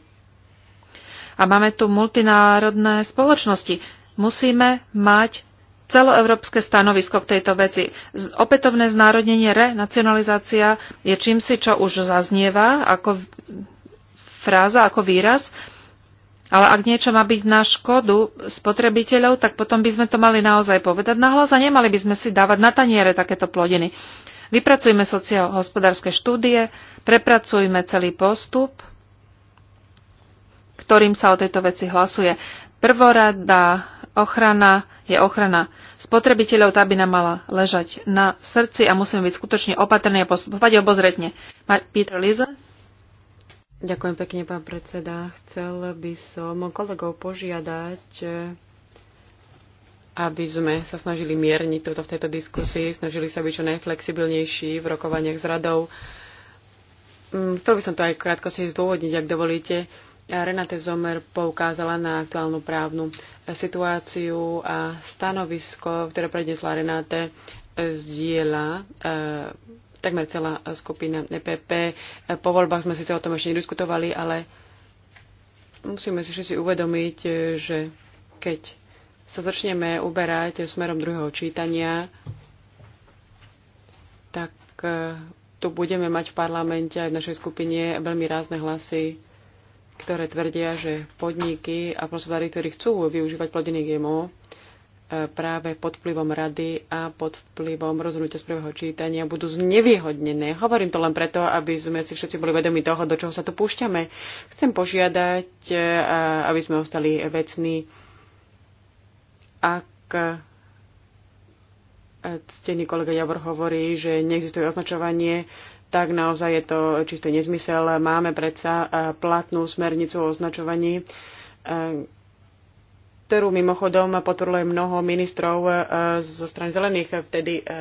a máme tu multinárodné spoločnosti. Musíme mať celoeurópske stanovisko k tejto veci. Opätovné znárodnenie, renacionalizácia je čím si, čo už zaznieva ako fráza, ako výraz, ale ak niečo má byť na škodu spotrebiteľov, tak potom by sme to mali naozaj povedať nahlas a nemali by sme si dávať na taniere takéto plodiny. Vypracujme sociohospodárske štúdie, prepracujme celý postup, ktorým sa o tejto veci hlasuje. Prvorada ochrana je ochrana spotrebiteľov, tá by nám mala ležať na srdci a musíme byť skutočne opatrní a postupovať obozretne. Peter Lize? Ďakujem pekne, pán predseda. Chcel by som kolegov požiadať, aby sme sa snažili mierniť toto v tejto diskusii, snažili sa byť čo najflexibilnejší v rokovaniach s radou. Mm, chcel by som to aj krátko si zdôvodniť, ak dovolíte. Renate Zomer poukázala na aktuálnu právnu situáciu a stanovisko, ktoré prednesla Renate, e, zdieľa e, takmer celá skupina EPP. Po voľbách sme sa o tom ešte nediskutovali, ale musíme si všetci uvedomiť, že keď sa začneme uberať smerom druhého čítania, tak e, tu budeme mať v parlamente aj v našej skupine veľmi rázne hlasy, ktoré tvrdia, že podniky a prosvedári, ktorí chcú využívať plodiny GMO, práve pod vplyvom rady a pod vplyvom rozhodnutia z prvého čítania budú znevýhodnené. Hovorím to len preto, aby sme si všetci boli vedomi toho, do čoho sa tu púšťame. Chcem požiadať, e, aby sme ostali vecní. Ak e, ctený kolega Javor hovorí, že neexistuje označovanie, tak naozaj je to čistý nezmysel. Máme predsa e, platnú smernicu o označovaní ktorú mimochodom podporilo mnoho ministrov e, zo strany zelených vtedy e, e,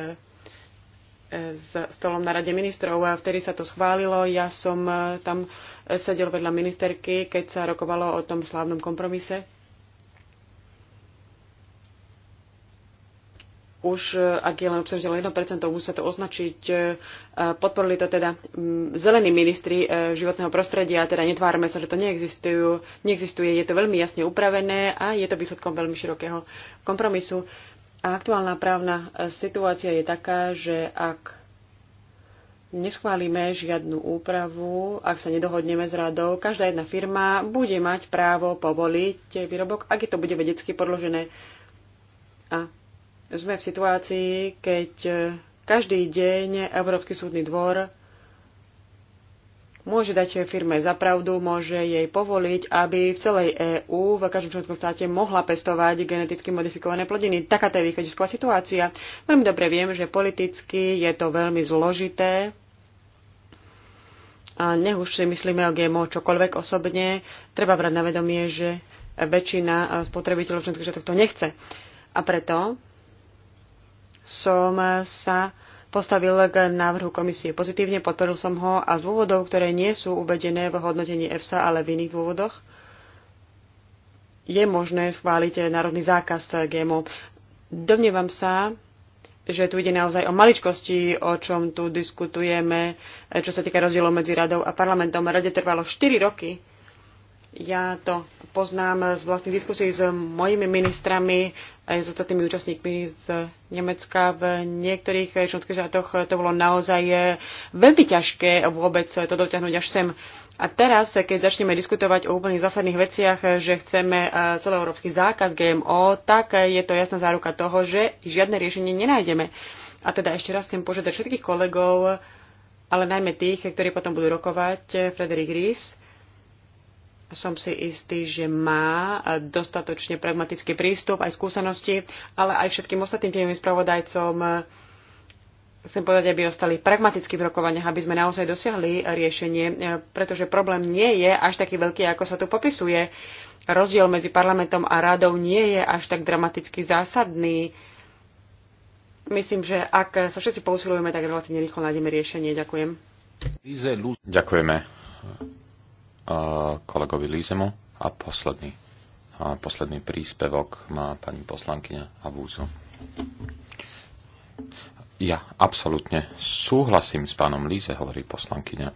s stolom na rade ministrov a vtedy sa to schválilo. Ja som tam sedel vedľa ministerky, keď sa rokovalo o tom slávnom kompromise. už eh, ak je len obsažiteľné 1%, musia to označiť. Eh, podporili to teda mm, zelení ministri eh, životného prostredia, teda netvárme sa, že to neexistujú, neexistuje. Je to veľmi jasne upravené a je to výsledkom veľmi širokého kompromisu. A aktuálna právna situácia je taká, že ak neschválime žiadnu úpravu, ak sa nedohodneme s radou, každá jedna firma bude mať právo povoliť výrobok, ak je to bude vedecky podložené. A sme v situácii, keď e, každý deň Európsky súdny dvor môže dať firme za pravdu, môže jej povoliť, aby v celej EÚ, v každom členskom štáte mohla pestovať geneticky modifikované plodiny. Taká to je východisková situácia. Veľmi dobre viem, že politicky je to veľmi zložité. A nech už si myslíme o GMO čokoľvek osobne, treba brať na vedomie, že väčšina spotrebiteľov členských štátov to nechce. A preto som sa postavil k návrhu komisie pozitívne, podporil som ho a z dôvodov, ktoré nie sú uvedené v hodnotení EFSA, ale v iných dôvodoch, je možné schváliť národný zákaz GMO. Domnievam sa, že tu ide naozaj o maličkosti, o čom tu diskutujeme, čo sa týka rozdielov medzi radou a parlamentom. Rade trvalo 4 roky, ja to poznám z vlastných diskusí s mojimi ministrami aj s ostatnými účastníkmi z Nemecka. V niektorých členských štátoch to bolo naozaj eh, veľmi ťažké vôbec to dotiahnuť až sem. A teraz, eh, keď začneme diskutovať o úplne zásadných veciach, eh, že chceme celoeurópsky zákaz GMO, tak je to jasná záruka toho, že žiadne riešenie nenájdeme. A teda ešte raz chcem požiadať všetkých kolegov, ale najmä tých, ktorí potom budú rokovať, Frederik Ries, som si istý, že má dostatočne pragmatický prístup, aj skúsenosti, ale aj všetkým ostatným tým spravodajcom chcem povedať, aby ostali pragmaticky v rokovaniach, aby sme naozaj dosiahli riešenie, pretože problém nie je až taký veľký, ako sa tu popisuje. Rozdiel medzi parlamentom a radou nie je až tak dramaticky zásadný. Myslím, že ak sa všetci pousilujeme, tak relatívne rýchlo nájdeme riešenie. Ďakujem. Ďakujeme kolegovi Lízemu a posledný, a posledný príspevok má pani poslankyňa Abúzu. Ja absolútne súhlasím s pánom Líze, hovorí poslankyňa.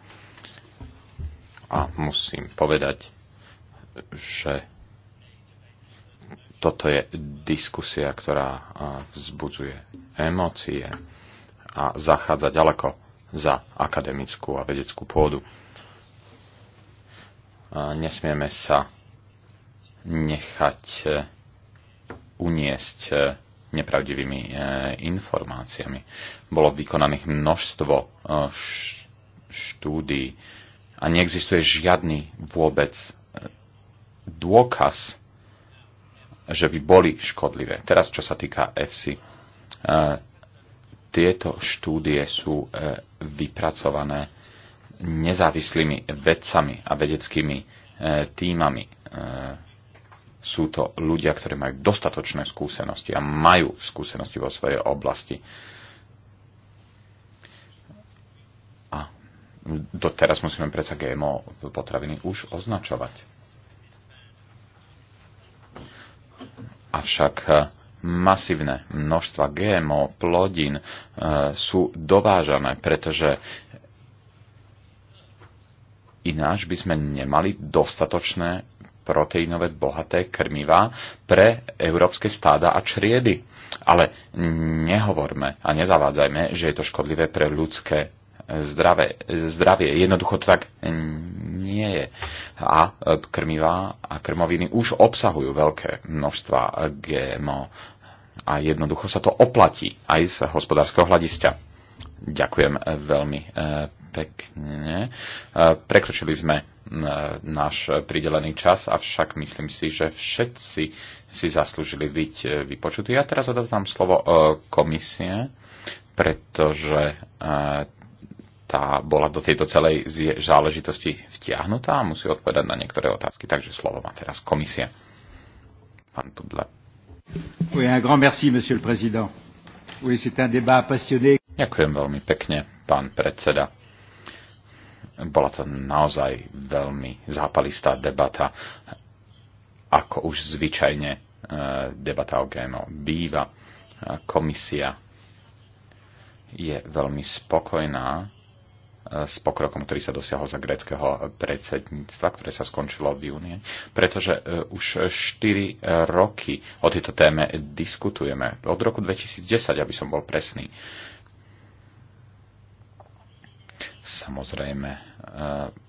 A musím povedať, že toto je diskusia, ktorá vzbudzuje emócie a zachádza ďaleko za akademickú a vedeckú pôdu. Nesmieme sa nechať e, uniesť e, nepravdivými e, informáciami. Bolo vykonaných množstvo štúdií a neexistuje žiadny vôbec dôkaz, že by boli škodlivé. Teraz, čo sa týka EFSI, tieto štúdie sú vypracované nezávislými vedcami a vedeckými e, týmami. E, sú to ľudia, ktorí majú dostatočné skúsenosti a majú skúsenosti vo svojej oblasti. A doteraz musíme predsa GMO potraviny už označovať. Avšak e, masívne množstva GMO plodín e, sú dovážané, pretože Ináč by sme nemali dostatočné proteínové bohaté krmivá pre európske stáda a čriedy. Ale nehovorme a nezavádzajme, že je to škodlivé pre ľudské e, zdravé, zdravie. Jednoducho to tak nie je. A e, krmivá a krmoviny už obsahujú veľké množstva GMO. A jednoducho sa to oplatí aj z hospodárskeho hľadiska. Ďakujem e, veľmi pekne. Prekročili sme e, náš pridelený čas, avšak myslím si, že všetci si zaslúžili byť e, vypočutí. Ja teraz odovzdám slovo e, komisie, pretože tá bola do tejto celej záležitosti vtiahnutá a musí odpovedať na niektoré otázky. Takže slovo má teraz komisia. Pán Tudle. Oui, un grand merci, monsieur le président. Oui, c'est un débat passionné. Ďakujem veľmi pekne, pán predseda. Bola to naozaj veľmi zápalistá debata, ako už zvyčajne e, debata o GMO býva. E, komisia je veľmi spokojná e, s pokrokom, ktorý sa dosiahol za greckého predsedníctva, ktoré sa skončilo v júni, pretože už 4 roky o tejto téme diskutujeme. Od roku 2010, aby som bol presný. Samozrejme, E,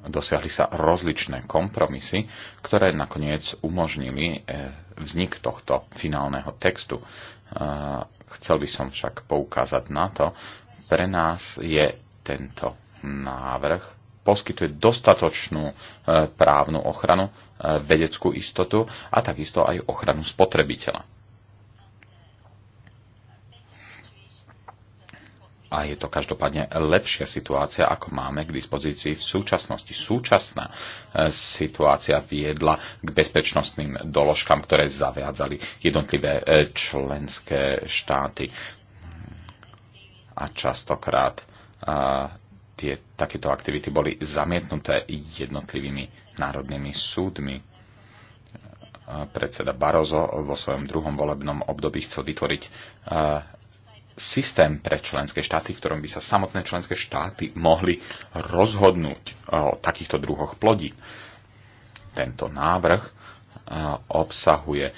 dosiahli sa rozličné kompromisy, ktoré nakoniec umožnili e, vznik tohto finálneho textu. E, chcel by som však poukázať na to, pre nás je tento návrh poskytuje dostatočnú právnu ochranu, vedeckú istotu a takisto aj ochranu spotrebiteľa. a je to každopádne lepšia situácia, ako máme k dispozícii v súčasnosti. Súčasná e, situácia viedla k bezpečnostným doložkám, ktoré zaviadzali jednotlivé e, členské štáty. A častokrát e, tie, takéto aktivity boli zamietnuté jednotlivými národnými súdmi predseda Barozo vo svojom druhom volebnom období chcel vytvoriť systém pre členské štáty, v ktorom by sa samotné členské štáty mohli rozhodnúť e, o takýchto druhoch plodín. Tento návrh e, obsahuje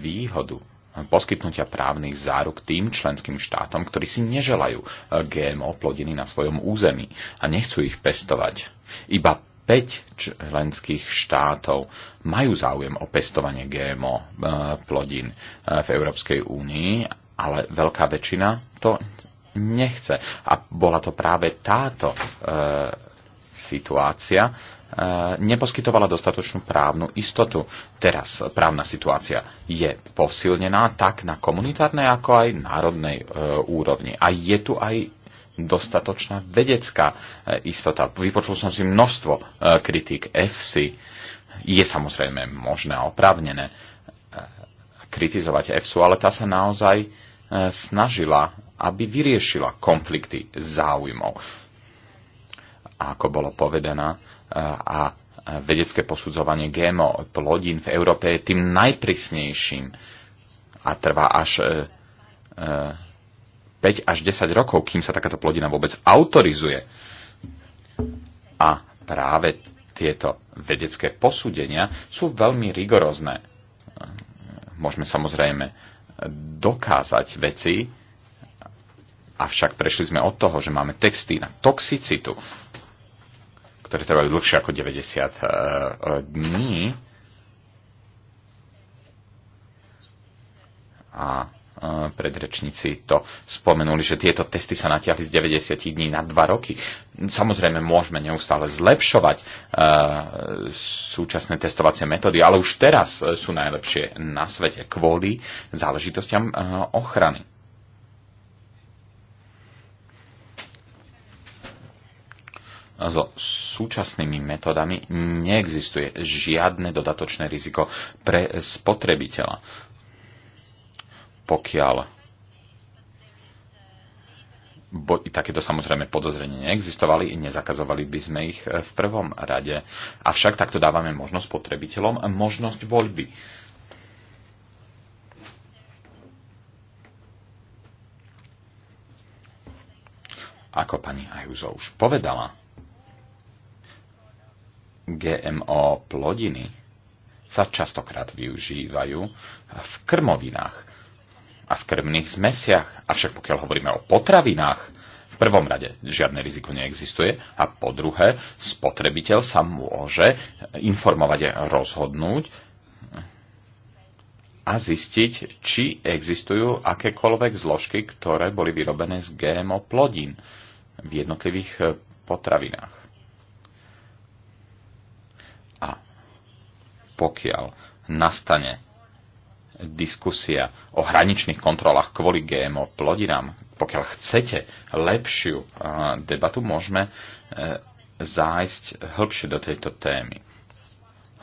výhodu poskytnutia právnych záruk tým členským štátom, ktorí si neželajú e, GMO plodiny na svojom území a nechcú ich pestovať. Iba 5 členských štátov majú záujem o pestovanie GMO plodín v Európskej únii ale veľká väčšina to nechce. A bola to práve táto e, situácia, e, neposkytovala dostatočnú právnu istotu. Teraz právna situácia je posilnená tak na komunitárnej, ako aj národnej e, úrovni. A je tu aj dostatočná vedecká e, istota. Vypočul som si množstvo e, kritík FC Je samozrejme možné a oprávnené kritizovať EFSU, ale tá sa naozaj e, snažila, aby vyriešila konflikty záujmov. Ako bolo povedané, e, a vedecké posudzovanie GMO plodín v Európe je tým najprísnejším a trvá až 5 e, až 10 rokov, kým sa takáto plodina vôbec autorizuje. A práve tieto vedecké posúdenia sú veľmi rigorózne Môžeme samozrejme dokázať veci, avšak prešli sme od toho, že máme texty na toxicitu, ktoré trvajú dlhšie ako 90 e, dní. A Eh, predrečníci to spomenuli, že tieto testy sa natiahli z 90 dní na 2 roky. Samozrejme, môžeme neustále zlepšovať eh, súčasné testovacie metódy, ale už teraz eh, sú najlepšie na svete kvôli záležitostiam ochrany. so súčasnými metódami neexistuje žiadne dodatočné riziko pre spotrebiteľa pokiaľ bo, takéto samozrejme podozrenie neexistovali, nezakazovali by sme ich e, v prvom rade. Avšak takto dávame možnosť potrebiteľom možnosť voľby. Ako pani Ajuzo už povedala, GMO plodiny sa častokrát využívajú v krmovinách a v krmných zmesiach. Avšak pokiaľ hovoríme o potravinách, v prvom rade žiadne riziko neexistuje a po druhé spotrebiteľ sa môže informovať a rozhodnúť a zistiť, či existujú akékoľvek zložky, ktoré boli vyrobené z GMO plodín v jednotlivých e, potravinách. A pokiaľ nastane diskusia o hraničných kontrolách kvôli GMO plodinám, pokiaľ chcete lepšiu eh, debatu, môžeme eh, zájsť hĺbšie do tejto témy.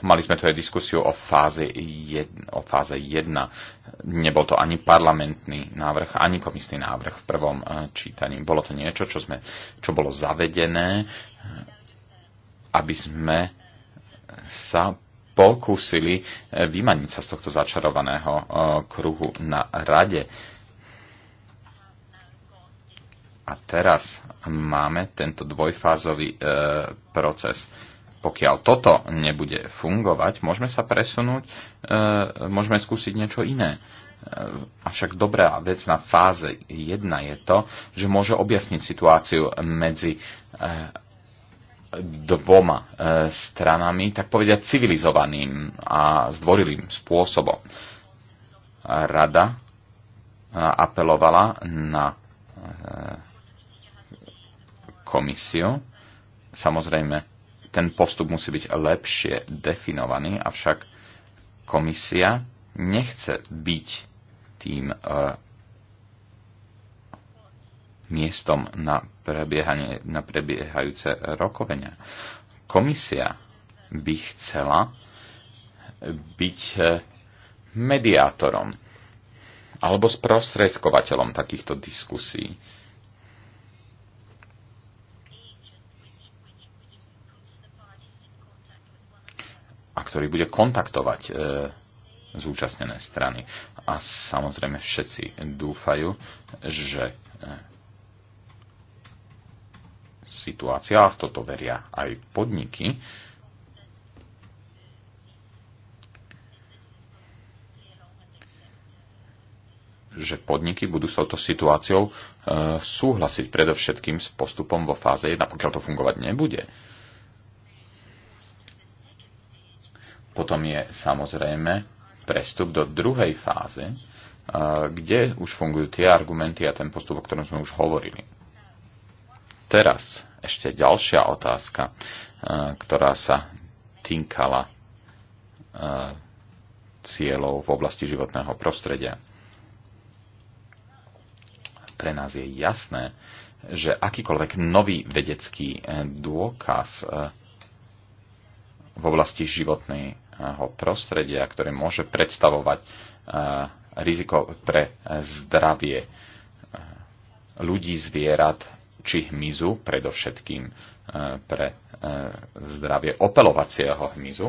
Mali sme tu aj diskusiu o fáze, 1, o fáze 1. Nebol to ani parlamentný návrh, ani komisný návrh v prvom eh, čítaní. Bolo to niečo, čo, sme, čo bolo zavedené, aby sme sa pokúsili eh, vymaniť sa z tohto začarovaného eh, kruhu na rade. A teraz máme tento dvojfázový e, proces. Pokiaľ toto nebude fungovať, môžeme sa presunúť, e, môžeme skúsiť niečo iné. avšak dobrá vec na fáze 1 je to, že môže objasniť situáciu medzi dvoma e, stranami, tak povedať civilizovaným a zdvorilým spôsobom. Rada e, apelovala na e, komisiu. Samozrejme, ten postup musí byť lepšie definovaný, avšak komisia nechce byť tým miestom na, prebiehanie, na prebiehajúce rokovenia. Komisia by chcela byť e, mediátorom alebo sprostredkovateľom takýchto diskusí. a ktorý bude kontaktovať e, zúčastnené strany. A samozrejme všetci dúfajú, že e, situácia, a v toto veria aj podniky, že podniky budú s touto situáciou e, súhlasiť predovšetkým s postupom vo fáze 1, pokiaľ to fungovať nebude. Potom je samozrejme prestup do druhej fáze, e, kde už fungujú tie argumenty a ten postup, o ktorom sme už hovorili teraz ešte ďalšia otázka, e, ktorá sa týkala e, cieľov v oblasti životného prostredia. Pre nás je jasné, že akýkoľvek nový vedecký e, dôkaz v oblasti životného prostredia, ktoré môže predstavovať riziko pre zdravie ľudí, zvierat či hmyzu, predovšetkým e, pre e, zdravie opelovacieho hmyzu.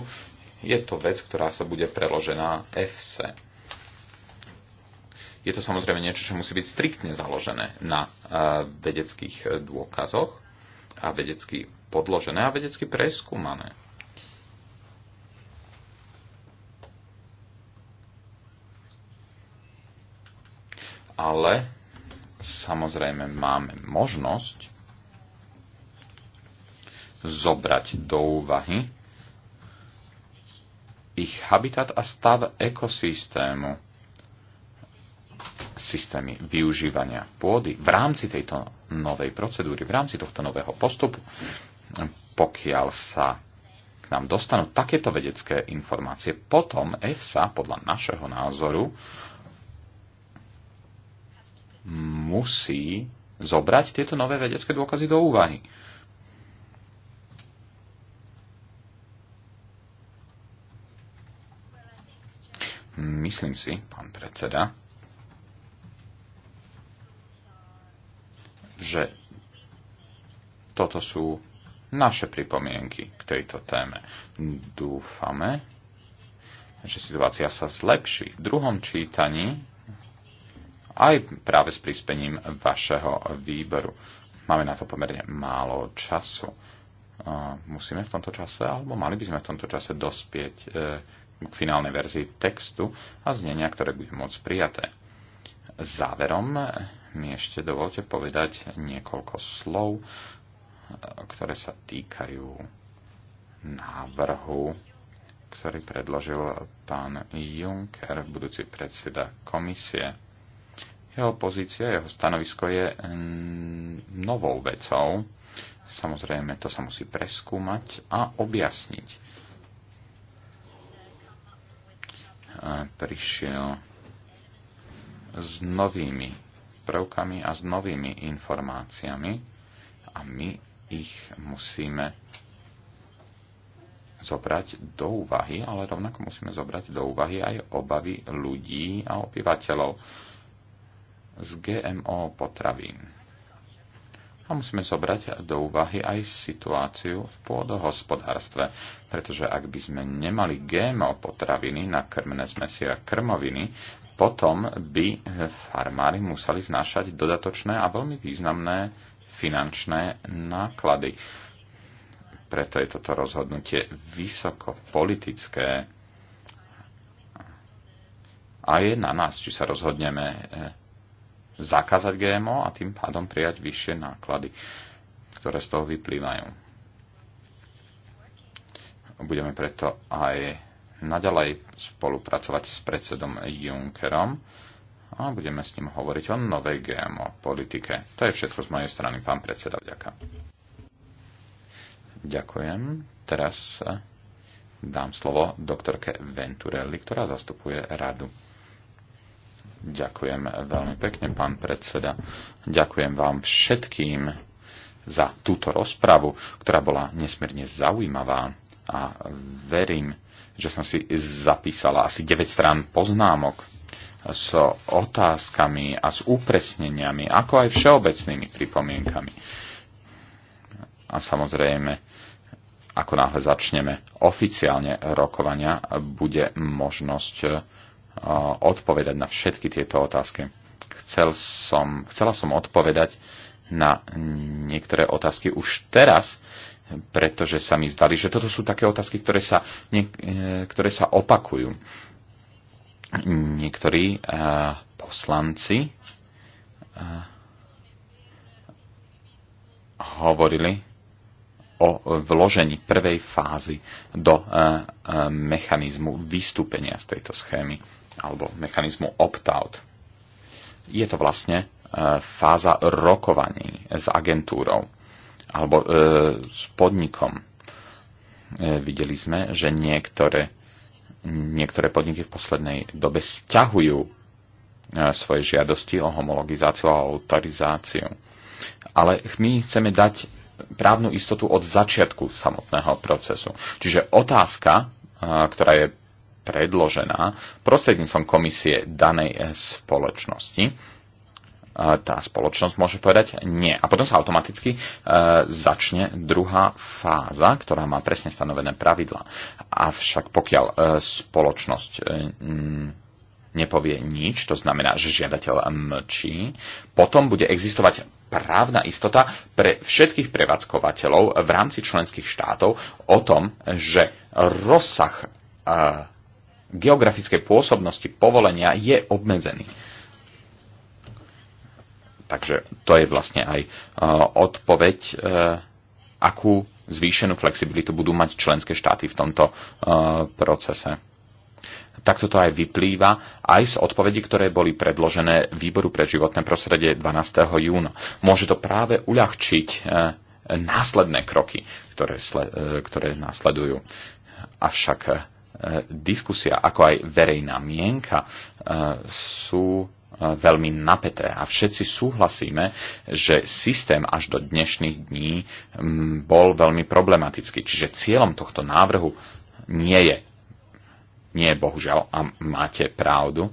Je to vec, ktorá sa bude preložená FC. Je to samozrejme niečo, čo musí byť striktne založené na e, vedeckých dôkazoch a vedecky podložené a vedecky preskúmané. Ale samozrejme máme možnosť zobrať do úvahy ich habitat a stav ekosystému, systémy využívania pôdy v rámci tejto novej procedúry, v rámci tohto nového postupu, pokiaľ sa k nám dostanú takéto vedecké informácie, potom EFSA podľa našeho názoru musí zobrať tieto nové vedecké dôkazy do úvahy. Myslím si, pán predseda, že toto sú naše pripomienky k tejto téme. Dúfame, že situácia sa zlepší. V druhom čítaní aj práve s prispením vašeho výberu. Máme na to pomerne málo času. Musíme v tomto čase, alebo mali by sme v tomto čase dospieť e, k finálnej verzii textu a znenia, ktoré bude môcť prijaté. Záverom mi ešte dovolte povedať niekoľko slov, e, ktoré sa týkajú návrhu, ktorý predložil pán Juncker, budúci predseda komisie jeho pozícia, jeho stanovisko je mm, novou vecou. Samozrejme, to sa musí preskúmať a objasniť. Prišiel s novými prvkami a s novými informáciami a my ich musíme zobrať do úvahy, ale rovnako musíme zobrať do úvahy aj obavy ľudí a obyvateľov z GMO potravín. A musíme zobrať do úvahy aj situáciu v pôdohospodárstve, pretože ak by sme nemali GMO potraviny na krmné zmesi a krmoviny, potom by farmári museli znášať dodatočné a veľmi významné finančné náklady. Preto je toto rozhodnutie vysoko politické a je na nás, či sa rozhodneme eh, zakázať GMO a tým pádom prijať vyššie náklady, ktoré z toho vyplývajú. Budeme preto aj naďalej spolupracovať s predsedom Junckerom a budeme s ním hovoriť o novej GMO politike. To je všetko z mojej strany, pán predseda. Vďaka. Ďakujem. Teraz dám slovo doktorke Venturelli, ktorá zastupuje radu. Ďakujem veľmi pekne, pán predseda. Ďakujem vám všetkým za túto rozpravu, ktorá bola nesmierne zaujímavá a verím, že som si zapísala asi 9 strán poznámok s otázkami a s upresneniami, ako aj všeobecnými pripomienkami. A samozrejme, ako náhle začneme oficiálne rokovania, bude možnosť odpovedať na všetky tieto otázky. Chcel som, chcela som odpovedať na niektoré otázky už teraz, pretože sa mi zdali, že toto sú také otázky, ktoré sa, nie, e, ktoré sa opakujú. Niektorí uh, poslanci uh, hovorili o vložení prvej fázy do uh, mechanizmu vystúpenia z tejto schémy alebo mechanizmu opt-out. Je to vlastne e, fáza rokovaní s agentúrou alebo e, s podnikom. E, videli sme, že niektoré, niektoré podniky v poslednej dobe stiahujú e, svoje žiadosti o homologizáciu a autorizáciu. Ale my chceme dať právnu istotu od začiatku samotného procesu. Čiže otázka, e, ktorá je predložená prostredníctvom komisie danej eh, spoločnosti, tá spoločnosť môže povedať nie. A potom sa automaticky e, začne druhá fáza, ktorá má presne stanovené pravidla. Avšak pokiaľ e, spoločnosť e, nepovie nič, to znamená, že žiadateľ mlčí, potom bude existovať právna istota pre všetkých prevádzkovateľov v rámci členských štátov o tom, že rozsah e, geografickej pôsobnosti povolenia je obmedzený. Takže to je vlastne aj e, odpoveď, e, akú zvýšenú flexibilitu budú mať členské štáty v tomto e, procese. Takto to aj vyplýva aj z odpovedí, ktoré boli predložené Výboru pre životné prostredie 12. júna. Môže to práve uľahčiť následné kroky, ktoré, ktoré následujú. Avšak diskusia, ako aj verejná mienka e, sú e, veľmi napeté a všetci súhlasíme, že systém až do dnešných dní bol veľmi problematický. Čiže cieľom tohto návrhu nie je, nie je bohužiaľ, a máte pravdu, e,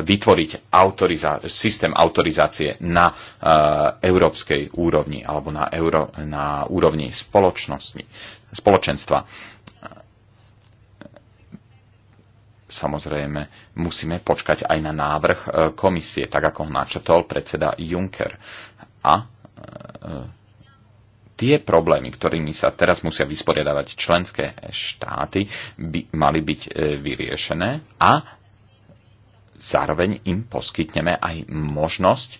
vytvoriť autoriza- systém autorizácie na e, európskej úrovni alebo na, euro- na úrovni spoločnosti, spoločenstva samozrejme musíme počkať aj na návrh e, komisie, tak ako ho načetol predseda Juncker. A e, e, tie problémy, ktorými sa teraz musia vysporiadavať členské štáty, by mali byť vyriešené a zároveň im poskytneme aj možnosť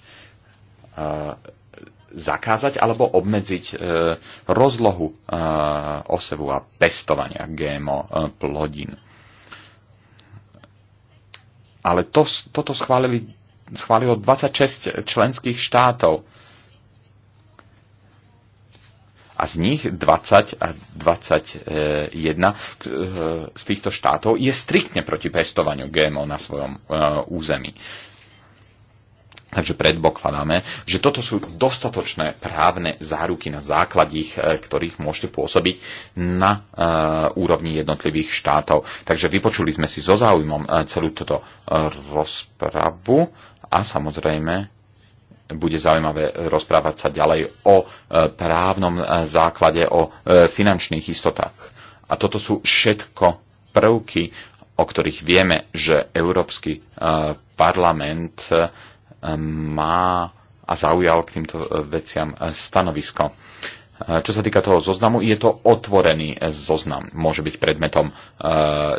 zakázať alebo obmedziť rozlohu osevu a pestovania GMO plodín. Ale to, toto schválili, schválilo 26 členských štátov. A z nich 20 a 21 eh, z týchto štátov je striktne proti pestovaniu GMO na svojom eh, území. Takže predpokladáme, že toto sú dostatočné právne záruky na základích, e, ktorých môžete pôsobiť na e, úrovni jednotlivých štátov. Takže vypočuli sme si so záujmom e, celú túto rozpravu a samozrejme bude zaujímavé rozprávať sa ďalej o právnom základe, o finančných istotách. A toto sú všetko prvky, o ktorých vieme, že Európsky parlament má a zaujal k týmto e, veciam e, stanovisko. E, čo sa týka toho zoznamu, je to otvorený zoznam. Môže byť predmetom e,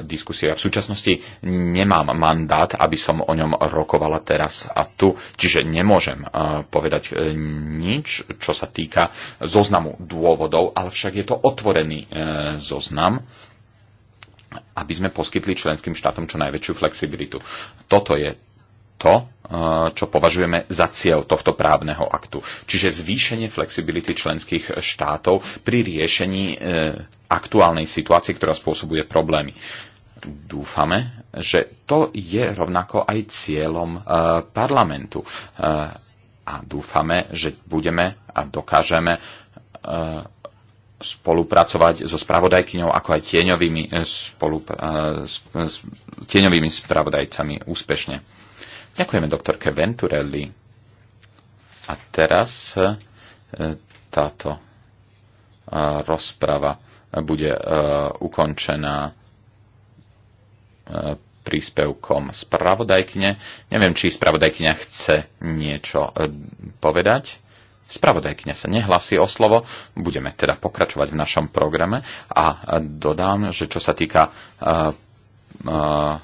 diskusie. Ja v súčasnosti nemám mandát, aby som o ňom rokovala teraz a tu. Čiže nemôžem e, povedať e, nič, čo sa týka zoznamu dôvodov, ale však je to otvorený e, zoznam aby sme poskytli členským štátom čo najväčšiu flexibilitu. Toto je to, eh, čo považujeme za cieľ tohto právneho aktu. Čiže zvýšenie flexibility členských štátov pri riešení eh, aktuálnej situácie, ktorá spôsobuje problémy. Dúfame, že to je rovnako aj cieľom eh, parlamentu. A dúfame, že budeme a dokážeme spolupracovať so spravodajkyňou, ako aj tieňovými, spolu, tieňovými spravodajcami úspešne. Ďakujeme doktorke Venturelli. A teraz e, táto e, rozprava bude e, ukončená príspevkom spravodajkyne. Neviem, či spravodajkyňa chce niečo povedať. Spravodajkyňa sa nehlasí o slovo, budeme teda pokračovať v našom programe a dodám, že čo sa týka uh, uh,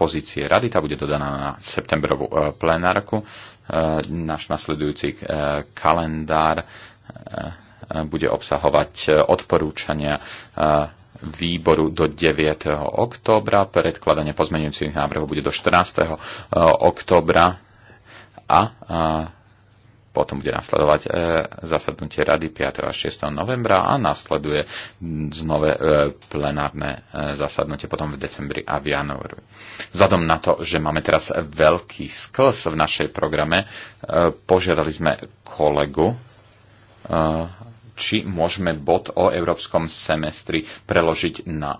pozície rady, tá bude dodaná na septembrovú e, plenárku. E, náš nasledujúci e, kalendár bude obsahovať odporúčania výboru do 9. októbra. Predkladanie pozmenujúcich návrhov bude do 14. októbra a potom bude nasledovať e, zasadnutie rady 5. a 6. novembra a nasleduje znové e, plenárne e, zasadnutie potom v decembri a v januári. Vzhľadom na to, že máme teraz veľký skls v našej programe, požiadali sme kolegu, či môžeme bod o európskom semestri preložiť na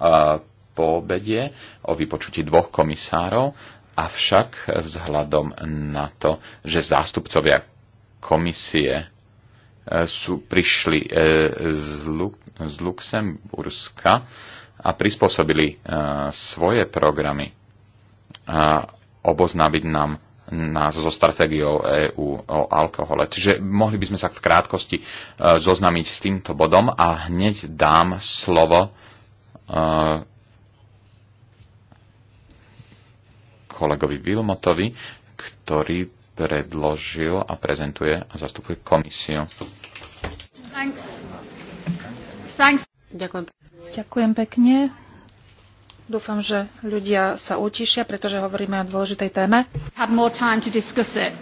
poobede o vypočutí dvoch komisárov, avšak vzhľadom na to, že zástupcovia komisie e, sú, prišli e, z, z Luxemburska a prispôsobili e, svoje programy oboznámiť nám nás so stratégiou EÚ o alkohole. Čiže mohli by sme sa v krátkosti zoznamiť s týmto bodom a hneď dám slovo kolegovi Vilmotovi, ktorý predložil a prezentuje a zastupuje komisiu. Thanks. Thanks. Ďakujem. Ďakujem pekne. Dúfam, že ľudia sa utišia, pretože hovoríme o dôležitej téme. Had more time to discuss it.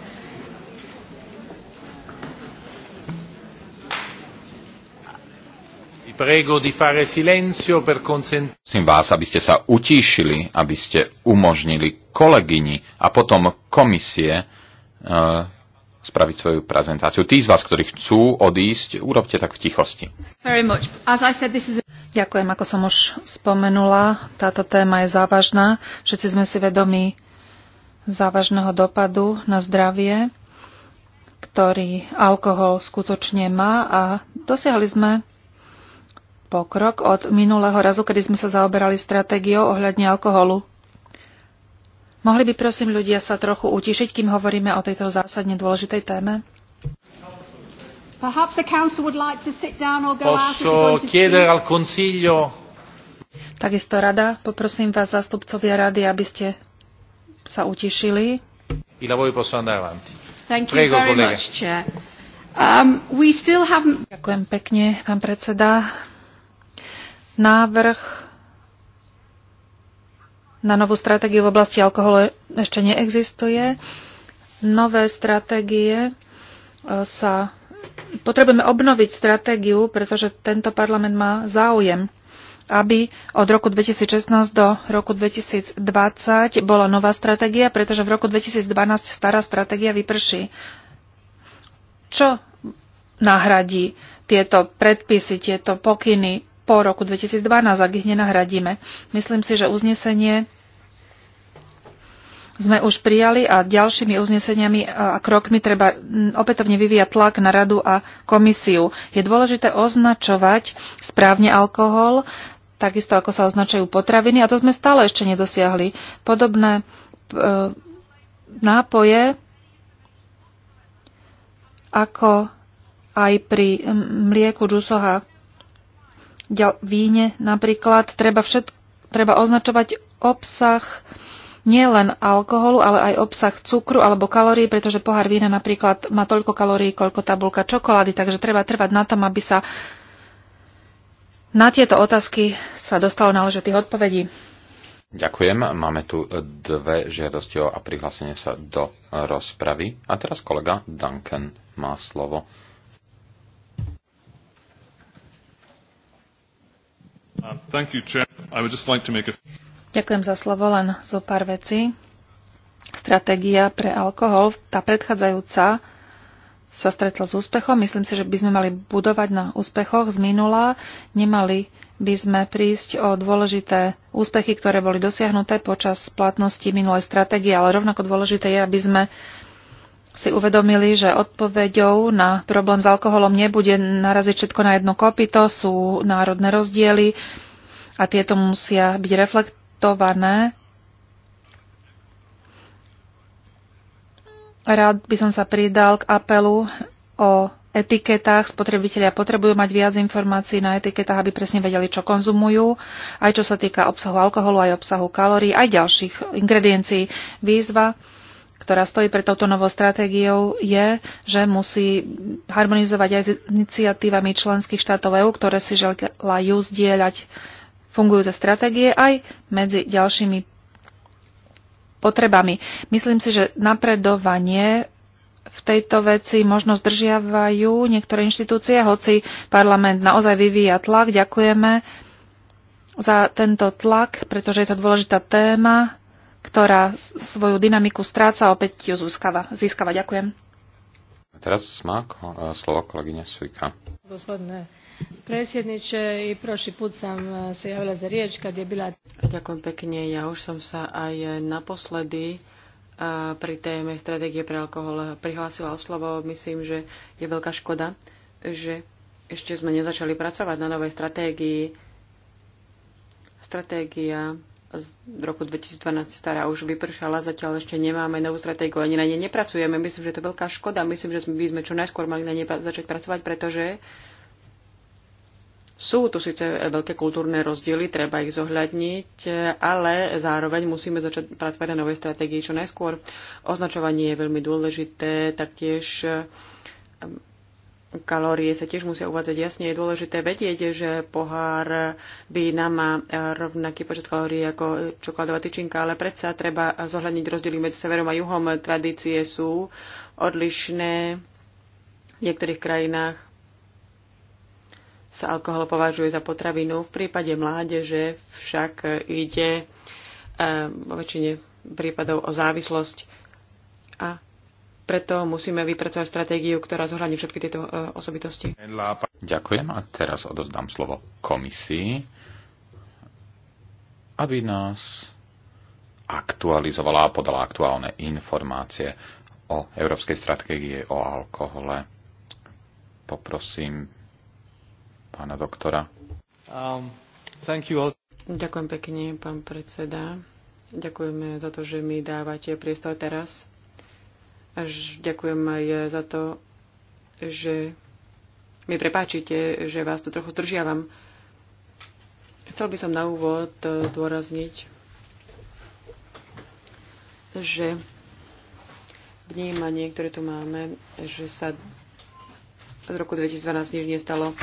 Prego di fare silenzio per consentire... Prosím vás, aby ste sa utíšili, aby ste umožnili kolegyni a potom komisie E, spraviť svoju prezentáciu. Tí z vás, ktorí chcú odísť, urobte tak v tichosti. Said, is... Ďakujem, ako som už spomenula, táto téma je závažná. Všetci sme si vedomi závažného dopadu na zdravie, ktorý alkohol skutočne má a dosiahli sme pokrok od minulého razu, kedy sme sa zaoberali stratégiou ohľadne alkoholu Mohli by prosím ľudia sa trochu utišiť, kým hovoríme o tejto zásadne dôležitej téme? Posso chiedere al Consiglio. Takisto rada, poprosím vás, zastupcovia rady, aby ste sa utišili. I lavori andare avanti. Thank you very much, Chair. Um, we still Ďakujem pekne, pán predseda. Návrh na novú stratégiu v oblasti alkoholu ešte neexistuje. Nové stratégie e, sa potrebujeme obnoviť stratégiu, pretože tento parlament má záujem, aby od roku 2016 do roku 2020 bola nová stratégia, pretože v roku 2012 stará stratégia vyprší. Čo nahradí tieto predpisy, tieto pokyny po roku 2012, ak ich nenahradíme. Myslím si, že uznesenie sme už prijali a ďalšími uzneseniami a krokmi treba opätovne vyvíjať tlak na radu a komisiu. Je dôležité označovať správne alkohol, takisto ako sa označujú potraviny a to sme stále ešte nedosiahli. Podobné e, nápoje ako aj pri mlieku, džusoch a víne napríklad treba, všet, treba označovať obsah nielen alkoholu, ale aj obsah cukru alebo kalórií, pretože pohár vína napríklad má toľko kalórií, koľko tabulka čokolády, takže treba trvať na tom, aby sa na tieto otázky sa dostalo náležitých odpovedí. Ďakujem. Máme tu dve žiadosti o a prihlásenie sa do rozpravy. A teraz kolega Duncan má slovo. Um, Ďakujem za slovo, len zo pár vecí. Stratégia pre alkohol, tá predchádzajúca, sa stretla s úspechom. Myslím si, že by sme mali budovať na úspechoch z minula. Nemali by sme prísť o dôležité úspechy, ktoré boli dosiahnuté počas platnosti minulej stratégie, ale rovnako dôležité je, aby sme uh, si uvedomili, že odpoveďou na problém s alkoholom nebude naraziť všetko na jedno kopito, sú národné rozdiely a tieto musia byť reflektované. Rád by som sa pridal k apelu o etiketách. Spotrebitelia potrebujú mať viac informácií na etiketách, aby presne vedeli, čo konzumujú, aj čo sa týka obsahu alkoholu, aj obsahu kalórií, aj ďalších ingrediencií. Výzva ktorá stojí pred touto novou stratégiou, je, že musí harmonizovať aj s iniciatívami členských štátov EÚ, ktoré si želajú zdieľať fungujúce stratégie aj medzi ďalšími potrebami. Myslím si, že napredovanie v tejto veci možno zdržiavajú niektoré inštitúcie, hoci parlament naozaj vyvíja tlak. Ďakujeme za tento tlak, pretože je to dôležitá téma ktorá svoju dynamiku stráca a opäť ju získava. získava. Ďakujem. A teraz má slovo kolegyňa Svika. Gospodine predsjedniče, i prošli put sam e, se javila za riječ kad je bila... Ďakujem pekne. Ja už som sa aj naposledy e, pri téme stratégie pre alkohol prihlásila o slovo. Myslím, že je veľká škoda, že ešte sme nezačali pracovať na novej stratégii. Stratégia z roku 2012 stará už vypršala, zatiaľ ešte nemáme novú stratégiu, ani na nej nepracujeme. Myslím, že to je veľká škoda. Myslím, že by sme čo najskôr mali na nej začať pracovať, pretože sú tu síce veľké kultúrne rozdiely, treba ich zohľadniť, ale zároveň musíme začať pracovať na novej stratégii čo najskôr. Označovanie je veľmi dôležité, taktiež kalórie sa tiež musia uvádzať jasne. Je dôležité vedieť, že pohár vína má rovnaký počet kalórií ako čokoládová tyčinka, ale predsa treba zohľadniť rozdiely medzi severom a juhom. Tradície sú odlišné. V niektorých krajinách sa alkohol považuje za potravinu. V prípade mládeže však ide eh, vo väčšine prípadov o závislosť a preto musíme vypracovať stratégiu, ktorá zohľadní všetky tieto e, osobitosti. Ďakujem a teraz odozdám slovo komisii, aby nás aktualizovala a podala aktuálne informácie o európskej stratégii o alkohole. Poprosím pána doktora. Um, thank you all. Ďakujem pekne, pán predseda. Ďakujeme za to, že mi dávate priestor teraz až ďakujem aj za to, že mi prepáčite, že vás tu trochu zdržiavam. Chcel by som na úvod zdôrazniť, že vnímanie, ktoré tu máme, že sa od roku 2012 nič nestalo,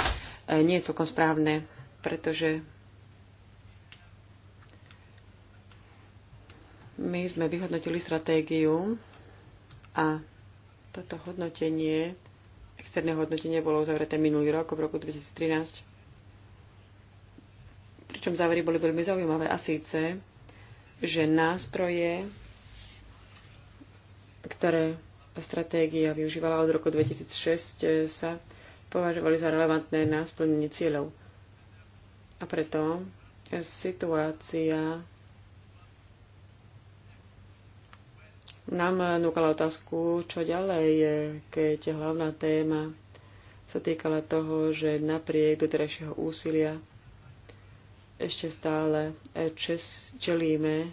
eh, nie je celkom správne, pretože my sme vyhodnotili stratégiu a toto hodnotenie, externé hodnotenie bolo uzavreté minulý rok, v roku 2013. Pričom závery boli veľmi zaujímavé a síce, že nástroje, ktoré stratégia využívala od roku 2006, e, sa považovali za relevantné na splnenie cieľov. A preto e, situácia nám núkala otázku, čo ďalej, je, keď hlavná téma sa týkala toho, že napriek doterajšieho úsilia ešte stále čes, čelíme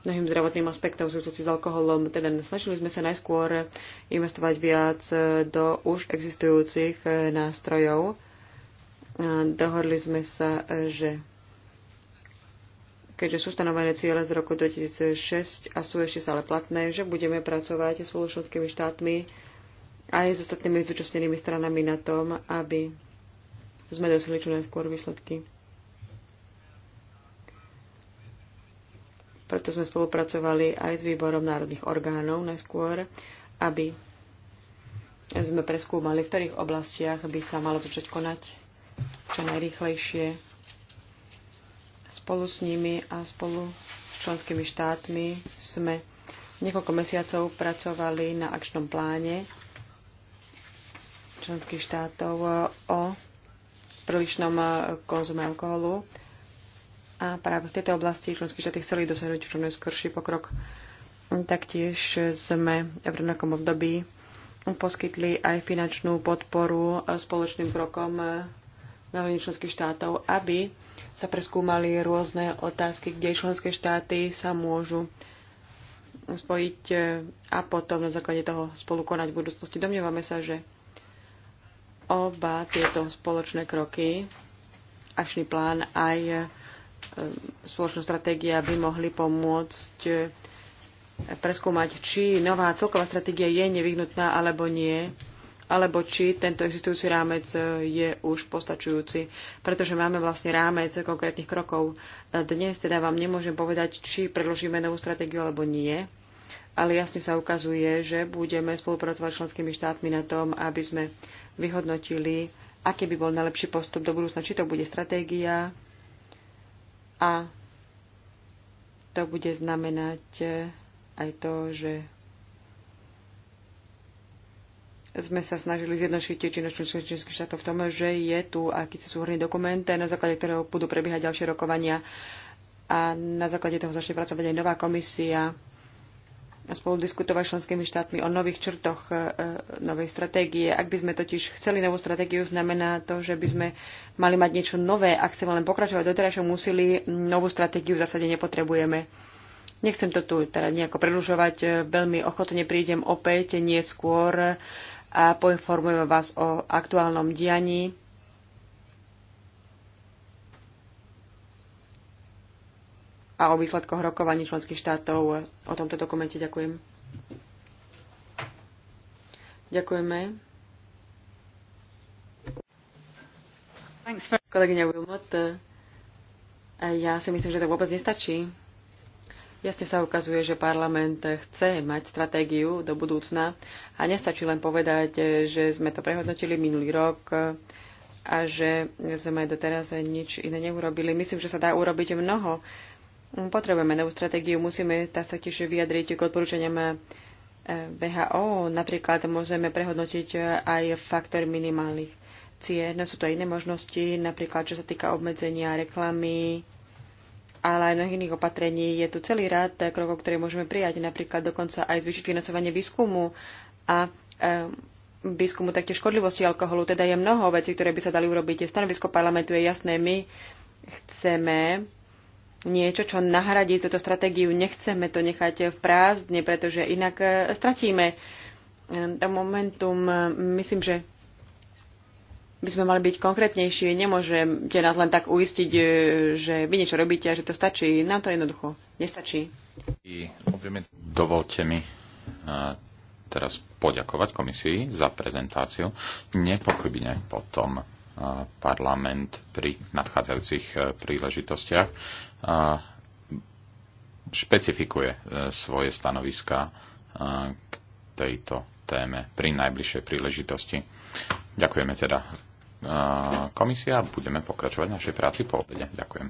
mnohým zdravotným aspektom súvisiaci s alkoholom. Teda snažili sme sa najskôr investovať viac do už existujúcich nástrojov. Dohodli sme sa, že keďže sú stanovené ciele z roku 2006 a sú ešte stále platné, že budeme pracovať s spoločenskými štátmi aj s ostatnými zúčastnenými stranami na tom, aby sme dosiahli čo najskôr výsledky. Preto sme spolupracovali aj s výborom národných orgánov najskôr, aby sme preskúmali, v ktorých oblastiach by sa malo začať konať čo najrýchlejšie Spolu s nimi a spolu s členskými štátmi sme niekoľko mesiacov pracovali na akčnom pláne členských štátov o prílišnom eh, konzume alkoholu. A práve v tejto oblasti členské štáty chceli dosiahnuť čo najskorší pokrok. Taktiež sme v rovnakom období poskytli aj finančnú podporu eh, spoločným krokom eh, národných členských štátov, aby sa preskúmali rôzne otázky, kde členské štáty sa môžu spojiť e, a potom na základe toho spolu konať v budúcnosti. Domnievame sa, že oba tieto spoločné kroky, akčný plán aj e, spoločná stratégia by mohli pomôcť e, preskúmať, či nová celková stratégia je nevyhnutná alebo nie alebo či tento existujúci rámec e, je už postačujúci, pretože máme vlastne rámec konkrétnych krokov. E, dnes teda vám nemôžem povedať, či predložíme novú stratégiu alebo nie, ale jasne sa ukazuje, že budeme spolupracovať s členskými štátmi na tom, aby sme vyhodnotili, aký by bol najlepší postup do budúcna, či to bude stratégia a to bude znamenať e, aj to, že sme sa snažili zjednočiť činnosť členských štátov v tom, že je tu akýsi súhrný dokument, na základe ktorého budú prebiehať ďalšie rokovania a na základe toho začne pracovať aj nová komisia a spolu diskutovať s členskými štátmi o nových črtoch e, novej stratégie. Ak by sme totiž chceli novú stratégiu, znamená to, že by sme mali mať niečo nové. Ak chceme len pokračovať doterajšom úsilí, novú stratégiu v zásade nepotrebujeme. Nechcem to tu teda nejako prerušovať, veľmi ochotne prídem opäť, nie skôr a poinformujeme vás o aktuálnom dianí. a o výsledkoch rokovaní členských štátov o tomto dokumente. Ďakujem. Ďakujeme. Kolegyňa Wilmot, ja si myslím, že to vôbec nestačí. Jasne sa ukazuje, že parlament chce mať stratégiu do budúcna a nestačí len povedať, že sme to prehodnotili minulý rok a že sme doteraz nič iné neurobili. Myslím, že sa dá urobiť mnoho. Potrebujeme novú stratégiu, musíme tá sa tiež vyjadriť k odporúčaniam eh, VHO. Napríklad môžeme prehodnotiť eh, aj faktor minimálnych cien. Sú to iné možnosti, napríklad čo sa týka obmedzenia reklamy, ale aj mnohých iných opatrení. Je tu celý rád krokov, ktoré môžeme prijať, napríklad dokonca aj zvýšiť financovanie výskumu a výskumu taktiež škodlivosti alkoholu. Teda je mnoho vecí, ktoré by sa dali urobiť. Stanovisko parlamentu je jasné. My chceme niečo, čo nahradí túto stratégiu. Nechceme to nechať v prázdne, pretože inak e, stratíme to momentum. Myslím, že by sme mali byť konkrétnejší. Nemôžete nás len tak uistiť, e, že vy niečo robíte a že to stačí. Nám to jednoducho nestačí. Dovolte mi e, teraz poďakovať komisii za prezentáciu. Nepochybne potom e, parlament pri nadchádzajúcich príležitostiach špecifikuje svoje stanoviska k tejto téme pri najbližšej príležitosti. Ďakujeme teda komisia a budeme pokračovať našej práci po obede. Ďakujem.